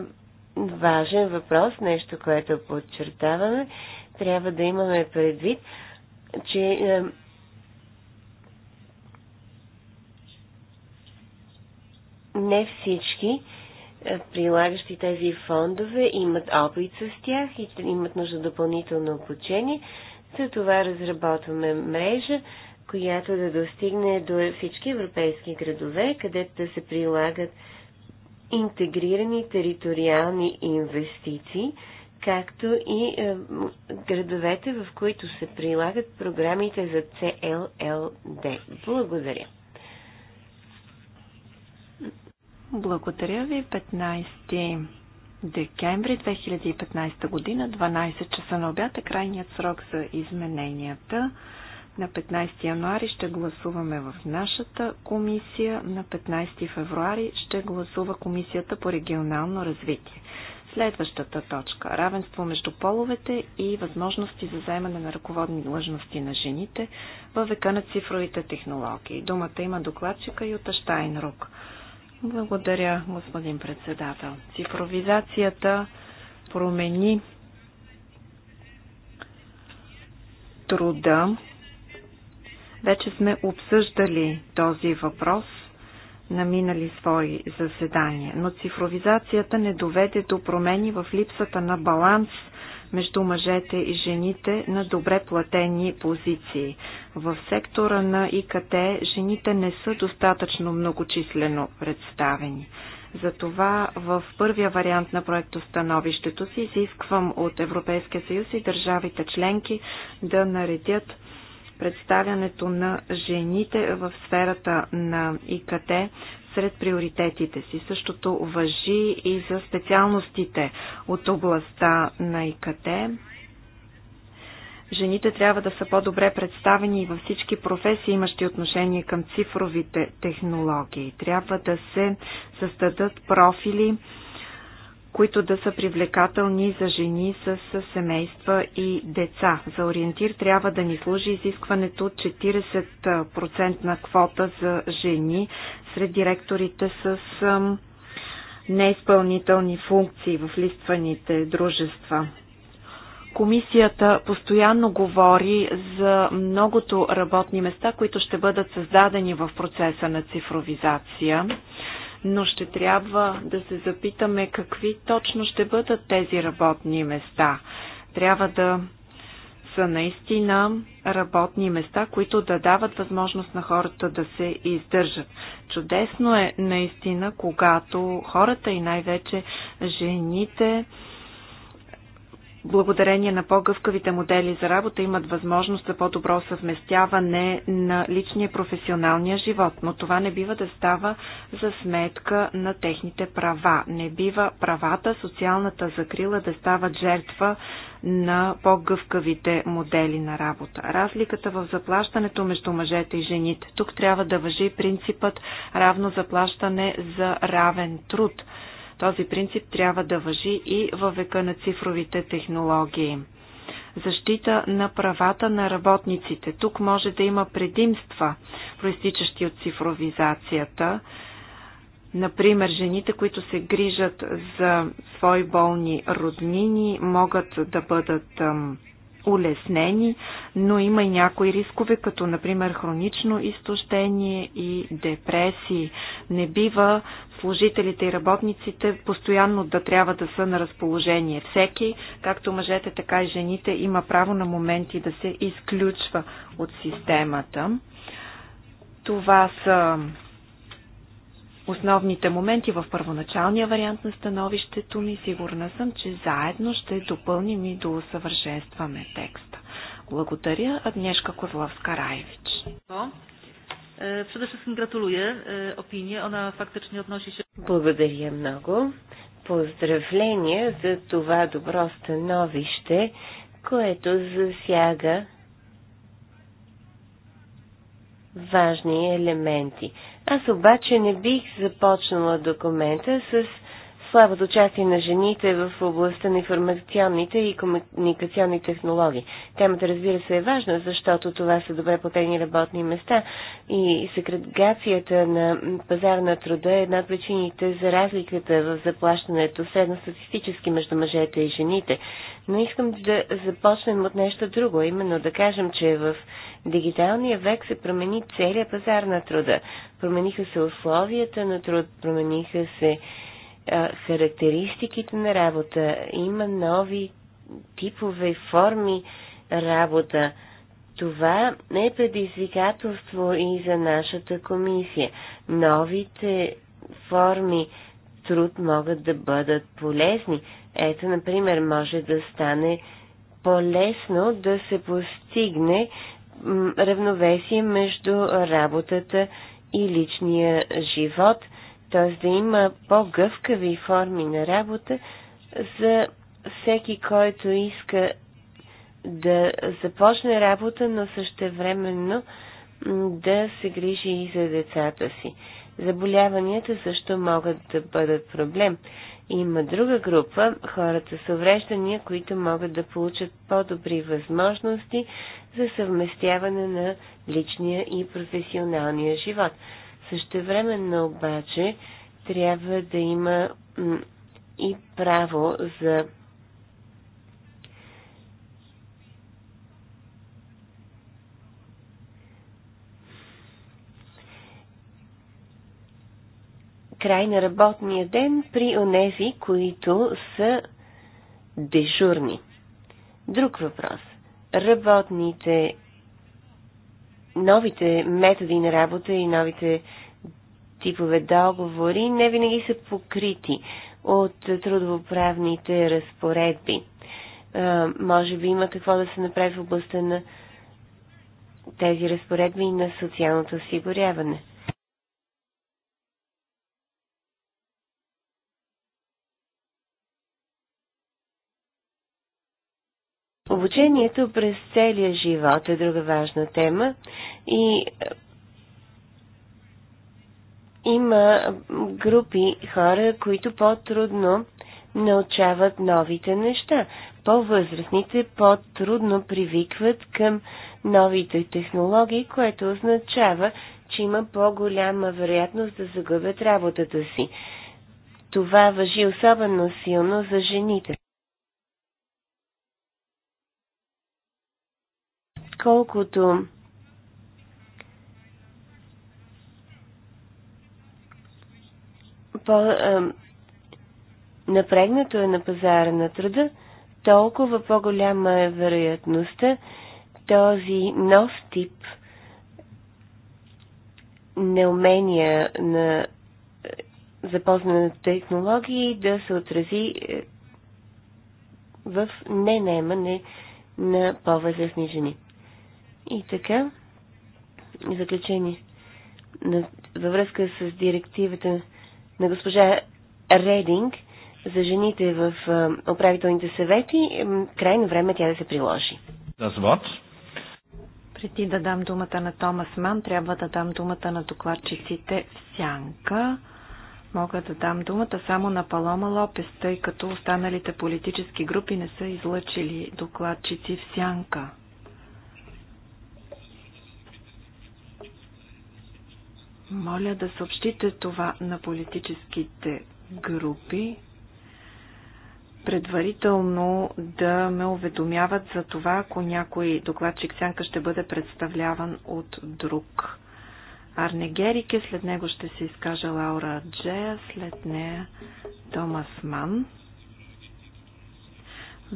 важен въпрос, нещо, което подчертаваме. Трябва да имаме предвид, че е, не всички е, прилагащи тези фондове имат опит с тях и имат нужда допълнително обучение. За това разработваме мрежа, която да достигне до всички европейски градове, където да се прилагат интегрирани териториални инвестиции, както и е, градовете, в които се прилагат програмите за CLLD. Благодаря. Благодаря ви. 15 декември 2015 година, 12 часа на обяд е крайният срок за измененията. На 15 януари ще гласуваме в нашата комисия, на 15 февруари ще гласува комисията по регионално развитие. Следващата точка – равенство между половете и възможности за заемане на ръководни длъжности на жените във века на цифровите технологии. Думата има докладчика Юта Штайнрук. Благодаря, господин председател. Цифровизацията промени труда вече сме обсъждали този въпрос на минали свои заседания, но цифровизацията не доведе до промени в липсата на баланс между мъжете и жените на добре платени позиции. В сектора на ИКТ жените не са достатъчно многочислено представени. Затова в първия вариант на проектостановището си изисквам от Европейския съюз и държавите членки да наредят представянето на жените в сферата на ИКТ сред приоритетите си. Същото въжи и за специалностите от областта на ИКТ. Жените трябва да са по-добре представени и във всички професии, имащи отношение към цифровите технологии. Трябва да се създадат профили, които да са привлекателни за жени с семейства и деца. За ориентир трябва да ни служи изискването от 40% на квота за жени сред директорите с неизпълнителни функции в листваните дружества. Комисията постоянно говори за многото работни места, които ще бъдат създадени в процеса на цифровизация но ще трябва да се запитаме какви точно ще бъдат тези работни места. Трябва да са наистина работни места, които да дават възможност на хората да се издържат. Чудесно е наистина, когато хората и най-вече жените благодарение на по-гъвкавите модели за работа имат възможност за по-добро съвместяване на личния и професионалния живот, но това не бива да става за сметка на техните права. Не бива правата, социалната закрила да стават жертва на по-гъвкавите модели на работа. Разликата в заплащането между мъжете и жените. Тук трябва да въжи принципът равно заплащане за равен труд – този принцип трябва да въжи и във века на цифровите технологии. Защита на правата на работниците. Тук може да има предимства, проистичащи от цифровизацията. Например, жените, които се грижат за свои болни роднини, могат да бъдат улеснени, но има и някои рискове, като например хронично изтощение и депресии. Не бива служителите и работниците постоянно да трябва да са на разположение. Всеки, както мъжете, така и жените, има право на моменти да се изключва от системата. Това са основните моменти в първоначалния вариант на становището ми. Сигурна съм, че заедно ще допълним и до усъвършенстваме текста. Благодаря, Агнешка Козловска-Раевич. Е, przede wszystkim e, Ona faktycznie odnosi się. Благодаря много. Поздравления за това добро становище, което засяга важни елементи. Аз обаче не бих започнала документа с слабото участие на жените в областта на информационните и комуникационни технологии. Темата, разбира се, е важна, защото това са добре платени работни места и сегрегацията на пазара на труда е една от причините за разликата в заплащането статистически между мъжете и жените. Но искам да започнем от нещо друго, именно да кажем, че в дигиталния век се промени целият пазар на труда. Промениха се условията на труд, промениха се характеристиките на работа, има нови типове, форми работа. Това не е предизвикателство и за нашата комисия. Новите форми труд могат да бъдат полезни. Ето, например, може да стане по-лесно да се постигне равновесие между работата и личния живот – т.е. да има по-гъвкави форми на работа за всеки, който иска да започне работа, но същевременно да се грижи и за децата си. Заболяванията също могат да бъдат проблем. Има друга група, хората с увреждания, които могат да получат по-добри възможности за съвместяване на личния и професионалния живот. Същевременно обаче трябва да има и право за край на работния ден при онези, които са дежурни. Друг въпрос. Работните новите методи на работа и новите типове договори не винаги са покрити от трудовоправните разпоредби. Може би има какво да се направи в областта на тези разпоредби и на социалното осигуряване. Обучението през целия живот е друга важна тема и е, има групи хора, които по-трудно научават новите неща. По-възрастните по-трудно привикват към новите технологии, което означава, че има по-голяма вероятност да загубят работата си. Това въжи особено силно за жените. отколкото по-напрегнато е на пазара на труда, толкова по-голяма е вероятността този нов тип неумения на запознаните технологии да се отрази в ненаймане на по-възрастни жени. И така, заключение. Във връзка с директивата на госпожа Рединг за жените в управителните съвети, крайно време е тя да се приложи. Преди да дам думата на Томас Ман, трябва да дам думата на докладчиците в Сянка. Мога да дам думата само на Палома Лопес, тъй като останалите политически групи не са излъчили докладчици в Сянка. Моля да съобщите това на политическите групи. Предварително да ме уведомяват за това, ако някой докладчик сянка ще бъде представляван от друг. Арне Герике, след него ще се изкаже Лаура Джея, след нея Томас Ман.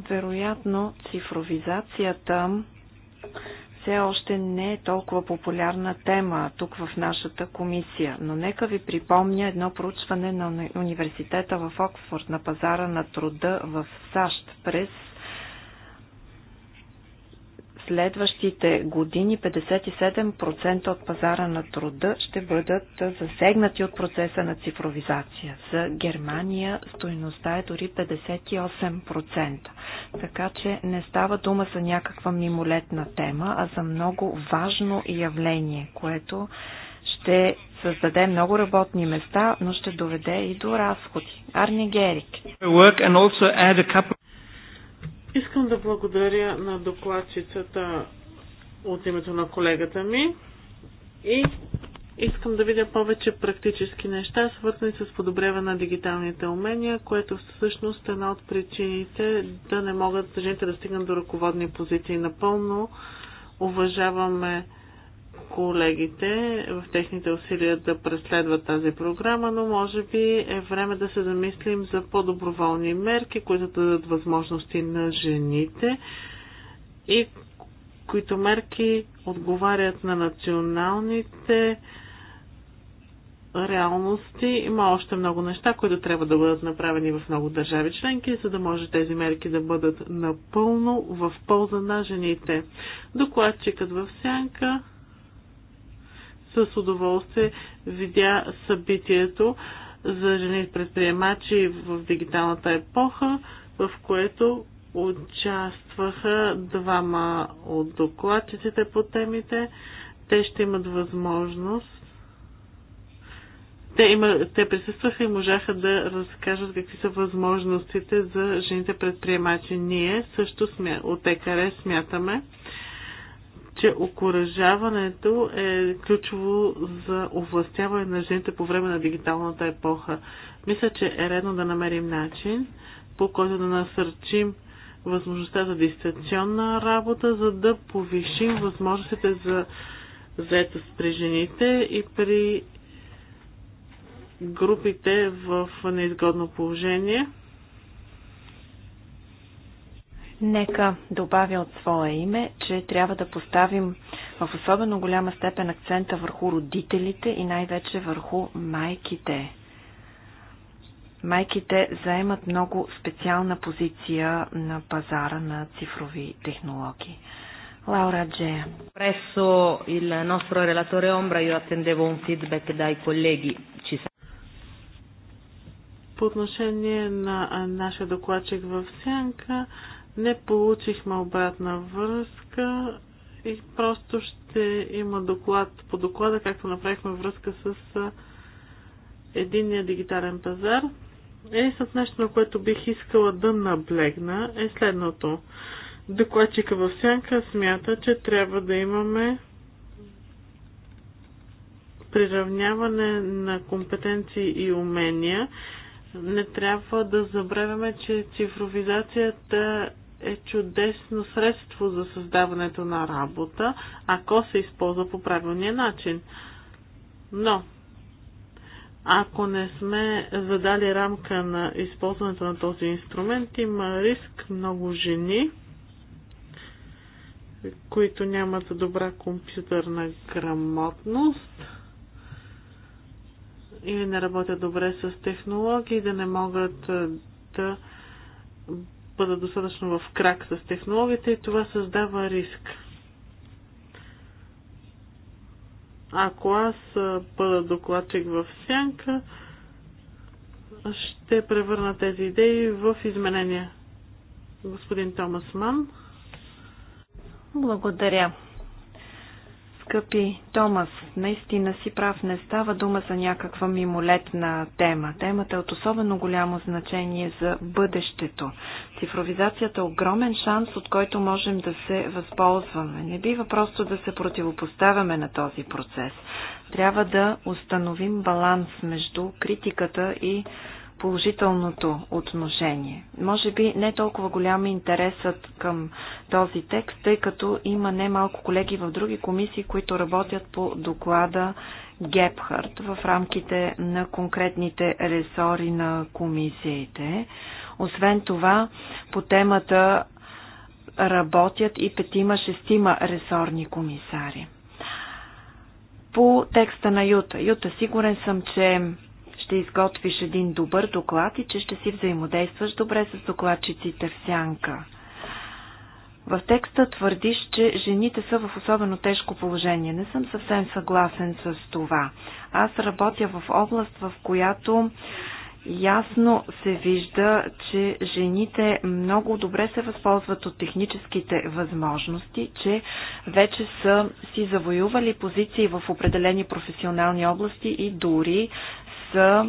Вероятно цифровизацията все още не е толкова популярна тема тук в нашата комисия, но нека ви припомня едно проучване на университета в Оксфорд на пазара на труда в САЩ през следващите години 57% от пазара на труда ще бъдат засегнати от процеса на цифровизация. За Германия стоеността е дори 58%. Така че не става дума за някаква мимолетна тема, а за много важно явление, което ще създаде много работни места, но ще доведе и до разходи. Арни Герик. Искам да благодаря на докладчицата от името на колегата ми и искам да видя повече практически неща, свързани с подобряване на дигиталните умения, което всъщност е една от причините да не могат жените да стигнат до ръководни позиции. Напълно уважаваме колегите в техните усилия да преследват тази програма, но може би е време да се замислим за по-доброволни мерки, които да дадат възможности на жените и които мерки отговарят на националните реалности. Има още много неща, които трябва да бъдат направени в много държави членки, за да може тези мерки да бъдат напълно в полза на жените. Докладчикът в сянка с удоволствие видя събитието за жени предприемачи в дигиталната епоха, в което участваха двама от докладчиците по темите. Те ще имат възможност. Те, има, те присъстваха и можаха да разкажат какви са възможностите за жените предприемачи. Ние също сме, от ЕКР смятаме, че окоръжаването е ключово за овластяване на жените по време на дигиталната епоха. Мисля, че е редно да намерим начин, по който да насърчим възможността за дистанционна работа, за да повишим възможностите за заетост при жените и при групите в неизгодно положение. Нека добавя от своя име, че трябва да поставим в особено голяма степен акцента върху родителите и най-вече върху майките. Майките заемат много специална позиция на пазара на цифрови технологии. Laura Джея. Presso il nostro relatore Ombra io attendevo un feedback dai colleghi. Ci sa... По отношение на нашия докладчик в Сянка, не получихме обратна връзка и просто ще има доклад по доклада, както направихме връзка с единния дигитален пазар. Е, с нещо, на което бих искала да наблегна, е следното. Докладчика в сянка смята, че трябва да имаме приравняване на компетенции и умения. Не трябва да забравяме, че цифровизацията е чудесно средство за създаването на работа, ако се използва по правилния начин. Но, ако не сме задали рамка на използването на този инструмент, има риск много жени, които нямат добра компютърна грамотност или не работят добре с технологии, да не могат да бъдат достатъчно в крак с технологията и това създава риск. Ако аз бъда докладчик в сянка, ще превърна тези идеи в изменения. Господин Томас Ман. Благодаря. Скъпи Томас, наистина си прав, не става дума за някаква мимолетна тема. Темата е от особено голямо значение за бъдещето. Цифровизацията е огромен шанс, от който можем да се възползваме. Не бива просто да се противопоставяме на този процес. Трябва да установим баланс между критиката и положителното отношение. Може би не толкова голям е интересът към този текст, тъй като има немалко колеги в други комисии, които работят по доклада Гепхарт в рамките на конкретните ресори на комисиите. Освен това, по темата работят и петима-шестима ресорни комисари. По текста на Юта. Юта, сигурен съм, че ще изготвиш един добър доклад и че ще си взаимодействаш добре с докладчиците в сянка. В текста твърдиш, че жените са в особено тежко положение. Не съм съвсем съгласен с това. Аз работя в област, в която ясно се вижда, че жените много добре се възползват от техническите възможности, че вече са си завоювали позиции в определени професионални области и дори за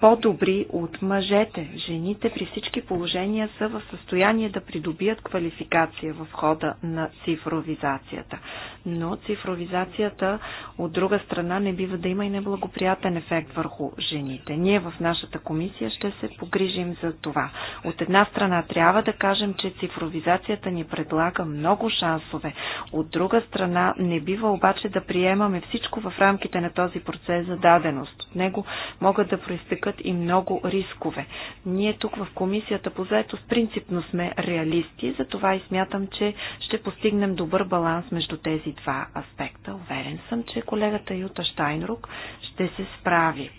по-добри от мъжете. Жените при всички положения са в състояние да придобият квалификация в хода на цифровизацията. Но цифровизацията от друга страна не бива да има и неблагоприятен ефект върху жените. Ние в нашата комисия ще се погрижим за това. От една страна трябва да кажем, че цифровизацията ни предлага много шансове. От друга страна не бива обаче да приемаме всичко в рамките на този процес за даденост. От него могат да проистекат проистичат и много рискове. Ние тук в Комисията по заетост принципно сме реалисти, затова и смятам, че ще постигнем добър баланс между тези два аспекта. Уверен съм, че колегата Юта Штайнрук ще се справи.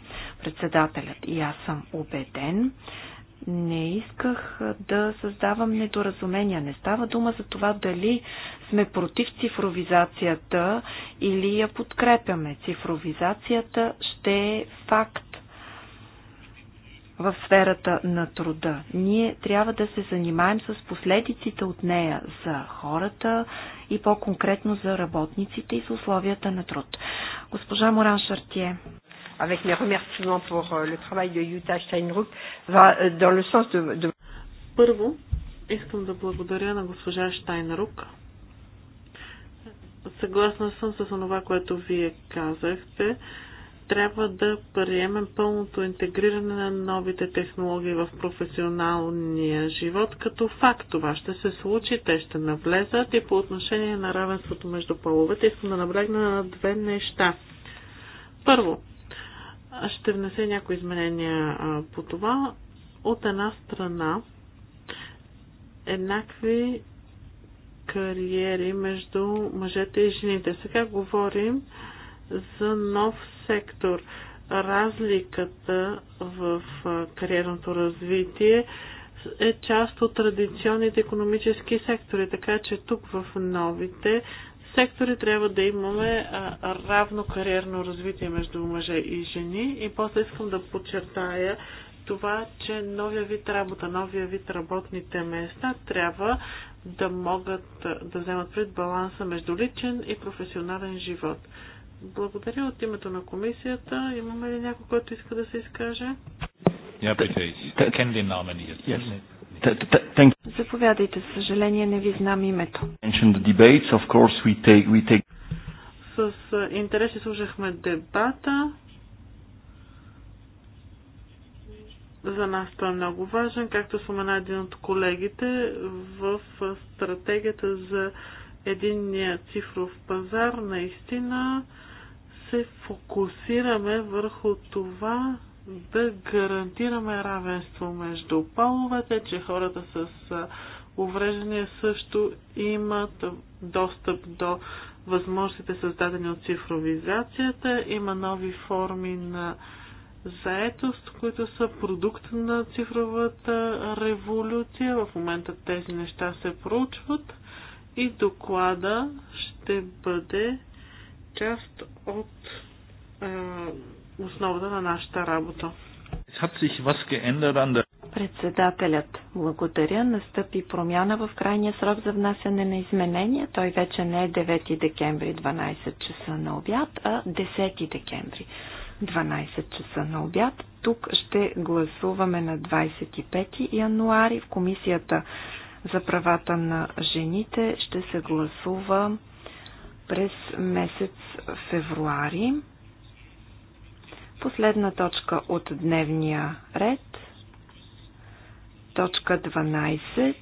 Председателят и аз съм убеден, не исках да създавам недоразумения. Не става дума за това дали сме против цифровизацията или я подкрепяме. Цифровизацията ще е факт в сферата на труда. Ние трябва да се занимаем с последиците от нея за хората и по-конкретно за работниците и с условията на труд. Госпожа Моран Шартие. Avec mes remerciements pour euh, le travail de Steinruck, va euh, dans le sens de, de... Първо, искам да благодаря на госпожа Штайнрук. Съгласна съм с това, което вие казахте трябва да приемем пълното интегриране на новите технологии в професионалния живот като факт. Това ще се случи, те ще навлезат и по отношение на равенството между половете искам да наблегна на две неща. Първо, ще внесе някои изменения по това. От една страна, еднакви кариери между мъжете и жените. Сега говорим за нов сектор. Разликата в кариерното развитие е част от традиционните економически сектори, така че тук в новите сектори трябва да имаме равно кариерно развитие между мъже и жени. И после искам да подчертая това, че новия вид работа, новия вид работните места трябва да могат да вземат пред баланса между личен и професионален живот. Благодаря от името на комисията. Имаме ли някой, който иска да се изкаже? Заповядайте, съжаление не ви знам името. С интерес служахме дебата. За нас той е много важен, както спомена един от колегите в стратегията за единния цифров пазар наистина се фокусираме върху това да гарантираме равенство между половете, че хората с увреждания също имат достъп до възможностите създадени от цифровизацията. Има нови форми на заетост, които са продукт на цифровата революция. В момента тези неща се проучват и доклада ще бъде част от е, основата на нашата работа. Председателят, благодаря, настъпи промяна в крайния срок за внасяне на изменения. Той вече не е 9 декември 12 часа на обяд, а 10 декември 12 часа на обяд. Тук ще гласуваме на 25 януари в комисията за правата на жените ще се гласува през месец февруари. Последна точка от дневния ред. Точка 12.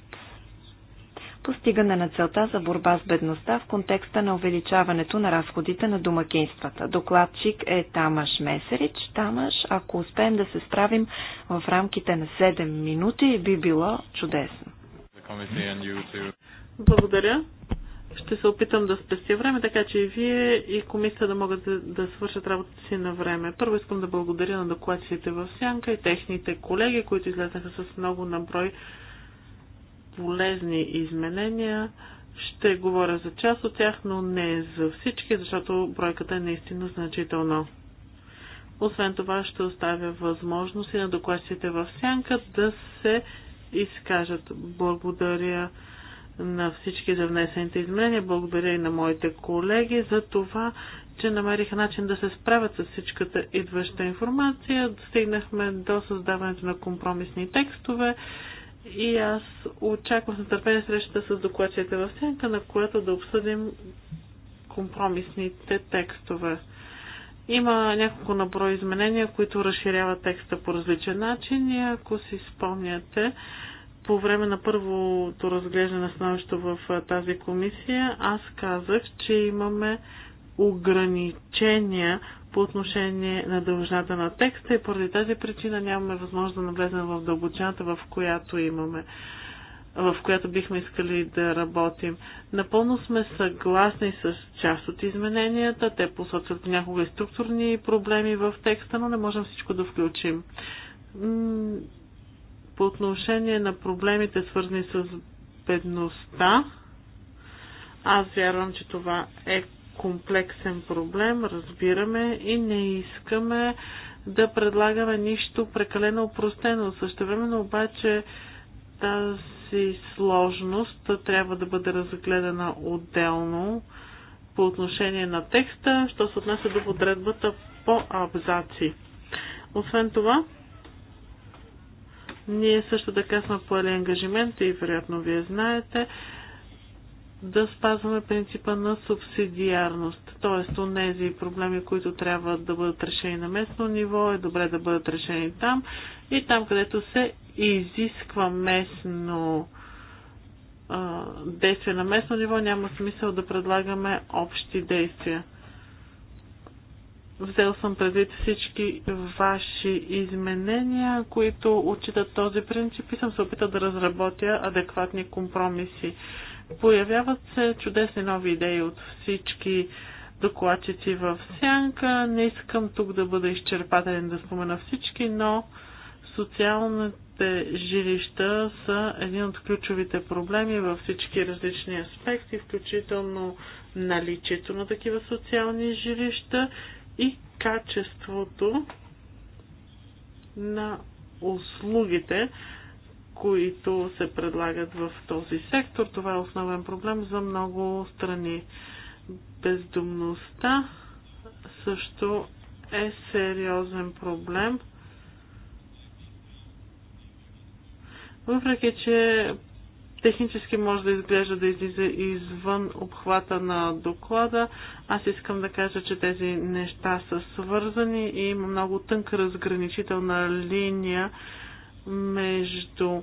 Постигане на целта за борба с бедността в контекста на увеличаването на разходите на домакинствата. Докладчик е Тамаш Месерич. Тамаш, ако успеем да се справим в рамките на 7 минути, би било чудесно. Благодаря. Ще се опитам да спестя време, така че и вие и комисията да могат да, да свършат работата си на време. Първо искам да благодаря на докладчиците в Сянка и техните колеги, които излезнаха с много наброй полезни изменения. Ще говоря за част от тях, но не за всички, защото бройката е наистина значителна. Освен това ще оставя възможност и на докладчиците в Сянка да се изкажат. Благодаря на всички за внесените изменения. Благодаря и на моите колеги за това, че намериха начин да се справят с всичката идваща информация. Стигнахме до създаването на компромисни текстове и аз очаквам с нетърпение срещата с докладчите в сенка, на която да обсъдим компромисните текстове. Има няколко наброи изменения, които разширяват текста по различен начин и ако си спомняте, по време на първото разглеждане на становището в тази комисия, аз казах, че имаме ограничения по отношение на дължината на текста и поради тази причина нямаме възможност да навлезем в дълбочината, в която имаме в която бихме искали да работим. Напълно сме съгласни с част от измененията. Те посочват някога и структурни проблеми в текста, но не можем всичко да включим по отношение на проблемите, свързани с бедността, аз вярвам, че това е комплексен проблем, разбираме и не искаме да предлагаме нищо прекалено упростено. времено обаче тази сложност трябва да бъде разгледана отделно по отношение на текста, що се отнася до подредбата по абзаци. Освен това, ние също така сме поели ангажимент и вероятно вие знаете да спазваме принципа на субсидиарност. Т.е. онези проблеми, които трябва да бъдат решени на местно ниво, е добре да бъдат решени там и там, където се изисква местно действие на местно ниво, няма смисъл да предлагаме общи действия. Взел съм предвид всички ваши изменения, които отчитат този принцип и съм се опитал да разработя адекватни компромиси. Появяват се чудесни нови идеи от всички докладчици в сянка. Не искам тук да бъда изчерпателен да спомена всички, но социалните жилища са един от ключовите проблеми във всички различни аспекти, включително наличието на такива социални жилища и качеството на услугите, които се предлагат в този сектор. Това е основен проблем за много страни. Бездумността също е сериозен проблем. Въпреки, че технически може да изглежда да излиза извън обхвата на доклада. Аз искам да кажа, че тези неща са свързани и има много тънка разграничителна линия между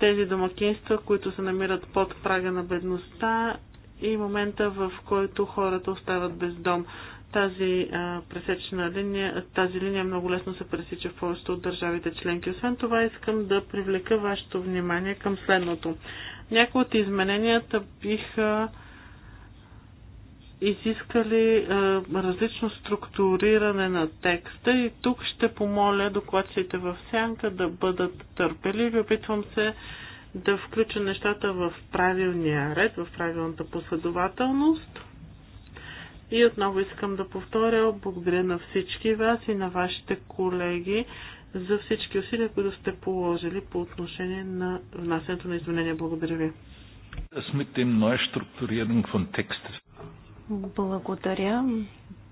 тези домакинства, които се намират под прага на бедността и момента, в който хората остават без дом. Тази а, пресечна линия, тази линия много лесно се пресича в повечето от държавите членки. Освен това искам да привлека вашето внимание към следното. Някои от измененията биха изискали а, различно структуриране на текста и тук ще помоля докладчите в сянка да бъдат търпеливи. Опитвам се да включа нещата в правилния ред, в правилната последователност. И отново искам да повторя, благодаря на всички вас и на вашите колеги за всички усилия, които сте положили по отношение на внасянето на изменения. Благодаря ви. Благодаря.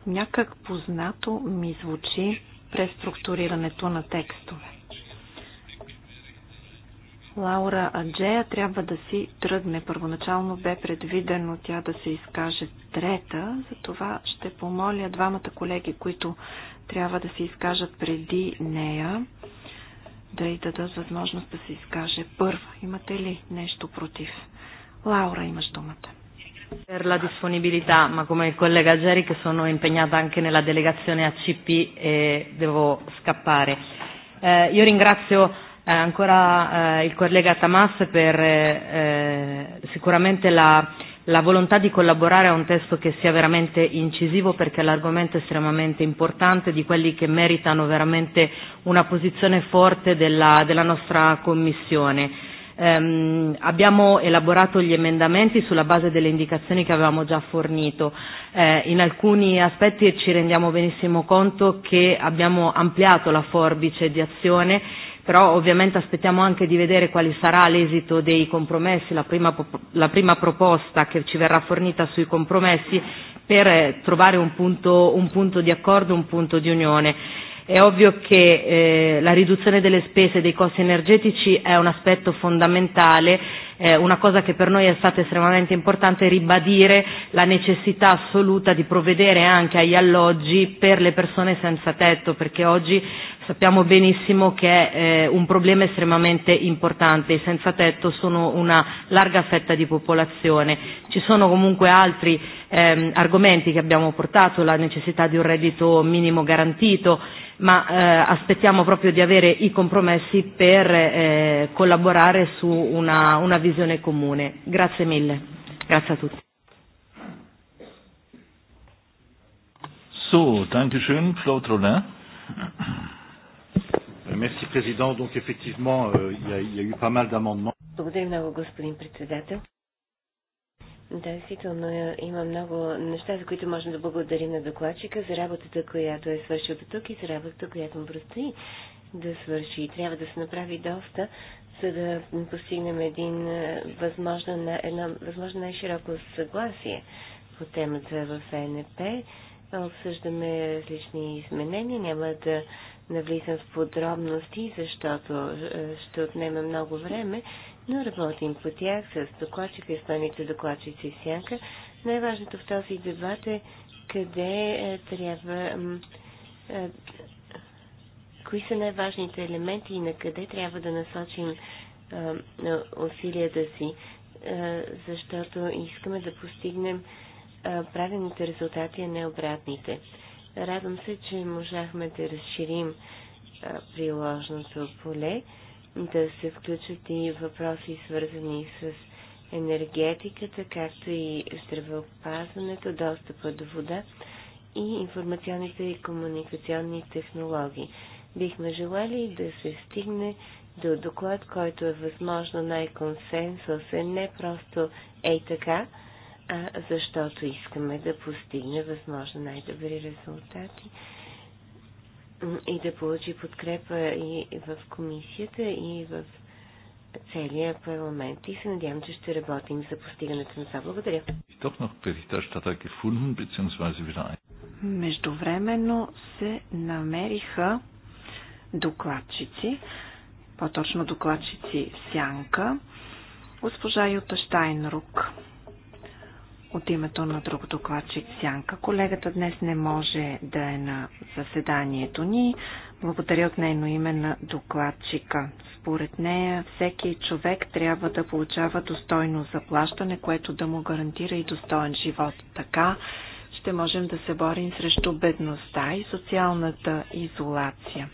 Някак познато ми звучи преструктурирането на текстове. Лаура Аджея трябва да си тръгне. Първоначално бе предвидено тя да се изкаже трета, затова ще помоля двамата колеги, които трябва да се изкажат преди нея, да й дадат възможност да се изкаже първа. Имате ли нещо против? Лаура, имаш думата. Per la disponibilità, ma come il collega Geri che sono impegnata anche nella delegazione ACP e eh, devo scappare. Eh, io ringrazio Eh, ancora eh, il collega Tamas per eh, sicuramente la, la volontà di collaborare a un testo che sia veramente incisivo perché l'argomento è estremamente importante, di quelli che meritano veramente una posizione forte della, della nostra Commissione. Um, abbiamo elaborato gli emendamenti sulla base delle indicazioni che avevamo già fornito. Eh, in alcuni aspetti ci rendiamo benissimo conto che abbiamo ampliato la forbice di azione però ovviamente aspettiamo anche di vedere quali sarà l'esito dei compromessi, la prima, la prima proposta che ci verrà fornita sui compromessi per trovare un punto, un punto di accordo, un punto di unione. È ovvio che eh, la riduzione delle spese e dei costi energetici è un aspetto fondamentale eh, una cosa che per noi è stata estremamente importante è ribadire la necessità assoluta di provvedere anche agli alloggi per le persone senza tetto, perché oggi sappiamo benissimo che è eh, un problema estremamente importante, i senza tetto sono una larga fetta di popolazione. Ci sono comunque altri ehm, argomenti che abbiamo portato, la necessità di un reddito minimo garantito, ma eh, aspettiamo proprio di avere i compromessi per eh, collaborare su una, una visione comune. Grazie mille, grazie a tutti. So, danke schön, Claude Rollin. Merci, Président. Donc, effectivement, euh, il euh, y, y a eu pas mal d'amendements. Благодарим много, господин председател. Да, действително е, има много неща, за които можем да благодарим на докладчика за работата, която е свършил до тук и за работата, която му предстои да свърши. Трябва да се направи доста, за да постигнем един е, възможно, една възможно най-широко съгласие по темата в ЕНП. Обсъждаме различни изменения. Няма да навлизам в подробности, защото е, ще отнема много време, но работим по тях с докладчика и докладчици и сянка. Най-важното в този дебат е къде е, трябва кои са най-важните елементи и на къде трябва да насочим усилията си, защото искаме да постигнем правилните резултати, а не обратните. Радвам се, че можахме да разширим приложното поле, да се включат и въпроси, свързани с енергетиката, както и здравеопазването, достъпа до вода и информационните и комуникационни технологии бихме желали да се стигне до доклад, който е възможно най-консенсусен, не просто ей така, а защото искаме да постигне възможно най-добри резултати и да получи подкрепа и в комисията, и в целия парламент и се надявам, че ще работим за постигането на това. Благодаря. Е Междувременно се намериха докладчици, по-точно докладчици Сянка, госпожа Юта Штайнрук от името на друг докладчик Сянка. Колегата днес не може да е на заседанието ни. Благодаря от нейно име на докладчика. Според нея всеки човек трябва да получава достойно заплащане, което да му гарантира и достоен живот. Така ще можем да се борим срещу бедността и социалната изолация.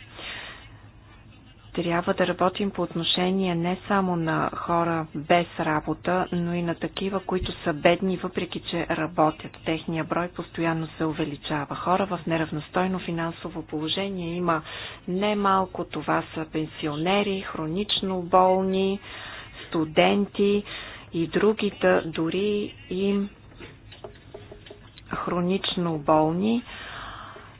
Трябва да работим по отношение не само на хора без работа, но и на такива, които са бедни, въпреки че работят. Техния брой постоянно се увеличава. Хора в неравностойно финансово положение има немалко. Това са пенсионери, хронично болни, студенти и другите, дори и хронично болни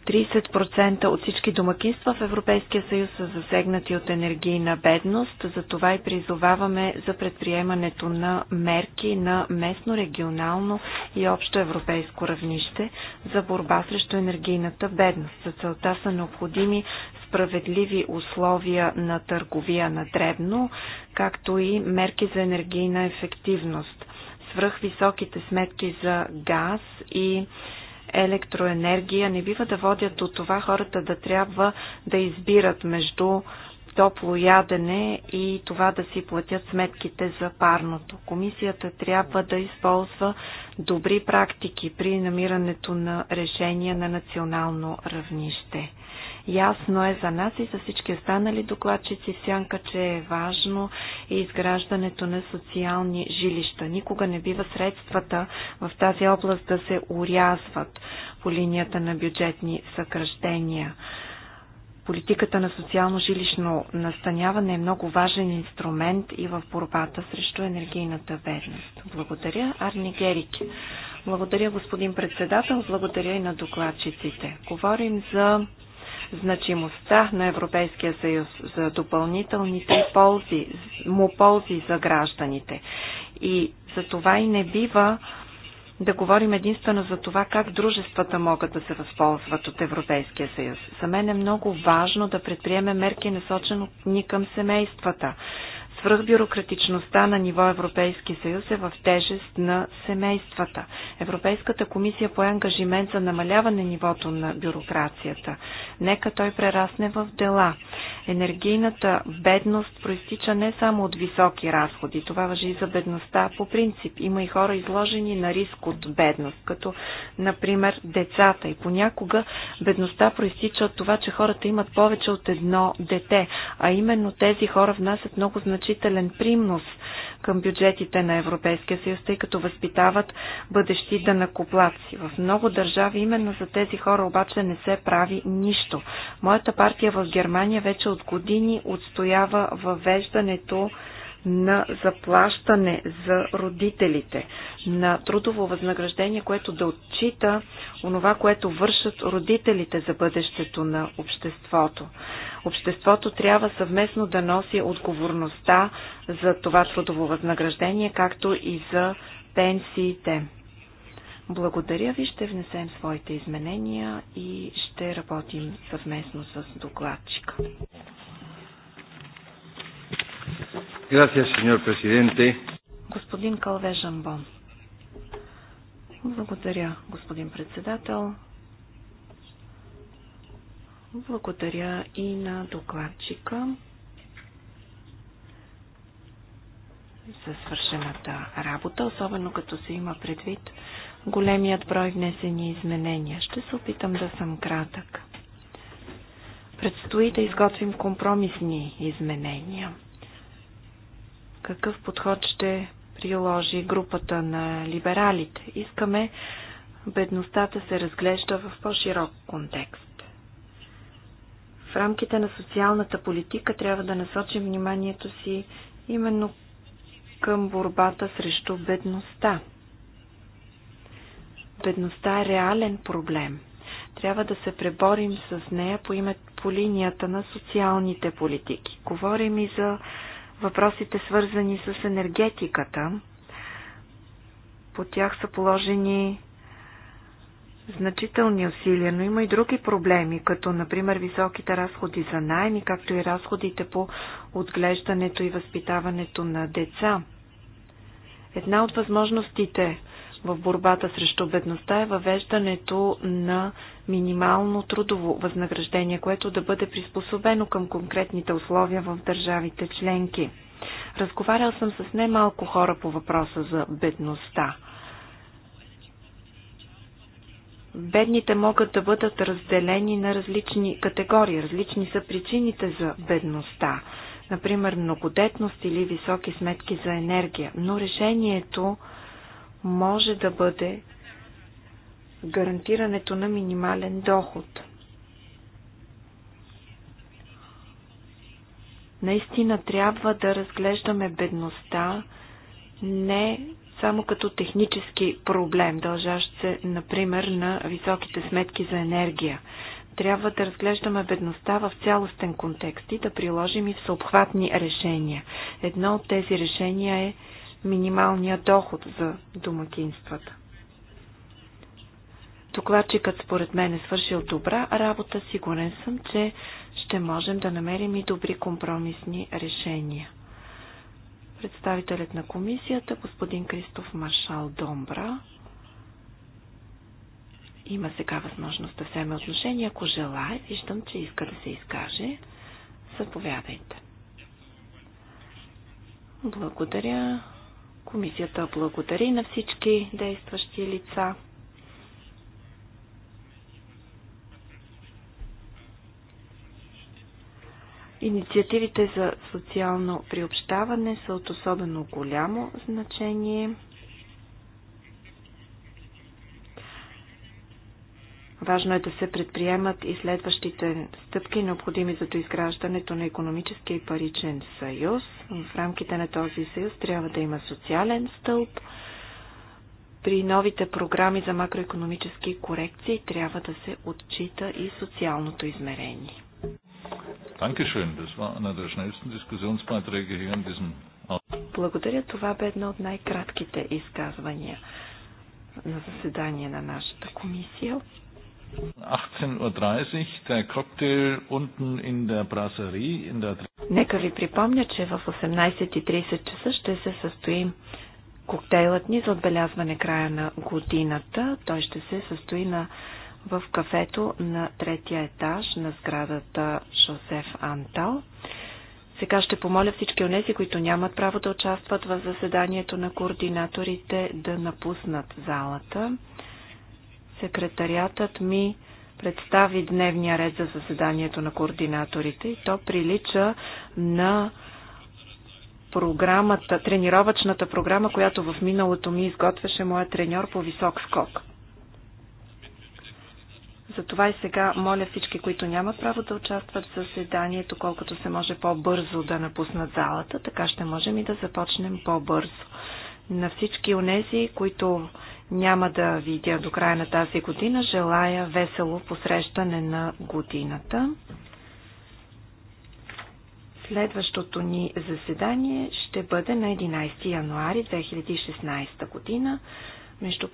30% от всички домакинства в Европейския съюз са засегнати от енергийна бедност, затова и призоваваме за предприемането на мерки на местно, регионално и общо европейско равнище за борба срещу енергийната бедност. За целта са необходими справедливи условия на търговия на дребно, както и мерки за енергийна ефективност. Свръхвисоките сметки за газ и електроенергия не бива да водят от това хората да трябва да избират между топло ядене и това да си платят сметките за парното. Комисията трябва да използва добри практики при намирането на решения на национално равнище. Ясно е за нас и за всички останали докладчици сянка, че е важно и изграждането на социални жилища. Никога не бива средствата в тази област да се урязват по линията на бюджетни съкръщения. Политиката на социално-жилищно настаняване е много важен инструмент и в борбата срещу енергийната бедност. Благодаря, Арни Герики. Благодаря, господин председател. Благодаря и на докладчиците. Говорим за значимостта на Европейския съюз за допълнителните ползи, му ползи за гражданите. И за това и не бива да говорим единствено за това как дружествата могат да се възползват от Европейския съюз. За мен е много важно да предприеме мерки насочено ни към семействата. Свръхбюрократичността на ниво Европейски съюз е в тежест на семействата. Европейската комисия пое ангажимент за намаляване нивото на бюрокрацията. Нека той прерасне в дела. Енергийната бедност проистича не само от високи разходи. Това въжи и за бедността по принцип. Има и хора изложени на риск от бедност, като например децата. И понякога бедността проистича от това, че хората имат повече от едно дете, а именно тези хора внасят много значителни значителен примнос към бюджетите на Европейския съюз, тъй като възпитават бъдещи накоплаци. В много държави именно за тези хора обаче не се прави нищо. Моята партия в Германия вече от години отстоява въвеждането на заплащане за родителите, на трудово възнаграждение, което да отчита онова, което вършат родителите за бъдещето на обществото. Обществото трябва съвместно да носи отговорността за това трудово възнаграждение, както и за пенсиите. Благодаря ви, ще внесем своите изменения и ще работим съвместно с докладчика. Gracias, señor presidente. Господин Калвежамбон. Благодаря, господин председател. Благодаря и на докладчика за свършената работа, особено като се има предвид големият брой внесени изменения. Ще се опитам да съм кратък. Предстои да изготвим компромисни изменения. Какъв подход ще приложи групата на либералите? Искаме бедността да се разглежда в по-широк контекст. В рамките на социалната политика трябва да насочим вниманието си именно към борбата срещу бедността. Бедността е реален проблем. Трябва да се преборим с нея по, име, по линията на социалните политики. Говорим и за въпросите свързани с енергетиката. По тях са положени значителни усилия, но има и други проблеми, като например високите разходи за найми, както и разходите по отглеждането и възпитаването на деца. Една от възможностите в борбата срещу бедността е въвеждането на минимално трудово възнаграждение, което да бъде приспособено към конкретните условия в държавите членки. Разговарял съм с немалко хора по въпроса за бедността. Бедните могат да бъдат разделени на различни категории. Различни са причините за бедността. Например, многодетност или високи сметки за енергия. Но решението може да бъде гарантирането на минимален доход. Наистина трябва да разглеждаме бедността не само като технически проблем, дължащ се, например, на високите сметки за енергия. Трябва да разглеждаме бедността в цялостен контекст и да приложим и всеобхватни решения. Едно от тези решения е минималният доход за домакинствата. Докладчикът според мен е свършил добра работа. Сигурен съм, че ще можем да намерим и добри компромисни решения. Представителят на комисията, господин Кристоф Маршал Домбра, има сега възможност да вземе отношение. Ако желая, виждам, че иска да се изкаже. Заповядайте. Благодаря. Комисията благодари на всички действащи лица. Инициативите за социално приобщаване са от особено голямо значение. Важно е да се предприемат и следващите стъпки, необходими за доизграждането на економически и паричен съюз. В рамките на този съюз трябва да има социален стълб. При новите програми за макроекономически корекции трябва да се отчита и социалното измерение. Благодаря. Това бе едно от най-кратките изказвания на заседание на нашата комисия. 18.30 der коктейл unten in der Brasserie in der... Нека ви припомня, че в 18.30 часа ще се състои коктейлът ни за отбелязване края на годината. Той ще се състои на в кафето на третия етаж на сградата Жозеф Антал. Сега ще помоля всички онези, които нямат право да участват в заседанието на координаторите, да напуснат залата. Секретариатът ми представи дневния ред за заседанието на координаторите и то прилича на програмата, тренировъчната програма, която в миналото ми изготвяше моя треньор по висок скок. Затова и сега моля всички, които нямат право да участват в заседанието, колкото се може по-бързо да напуснат залата, така ще можем и да започнем по-бързо. На всички онези, които няма да видя до края на тази година, желая весело посрещане на годината. Следващото ни заседание ще бъде на 11 януари 2016 година между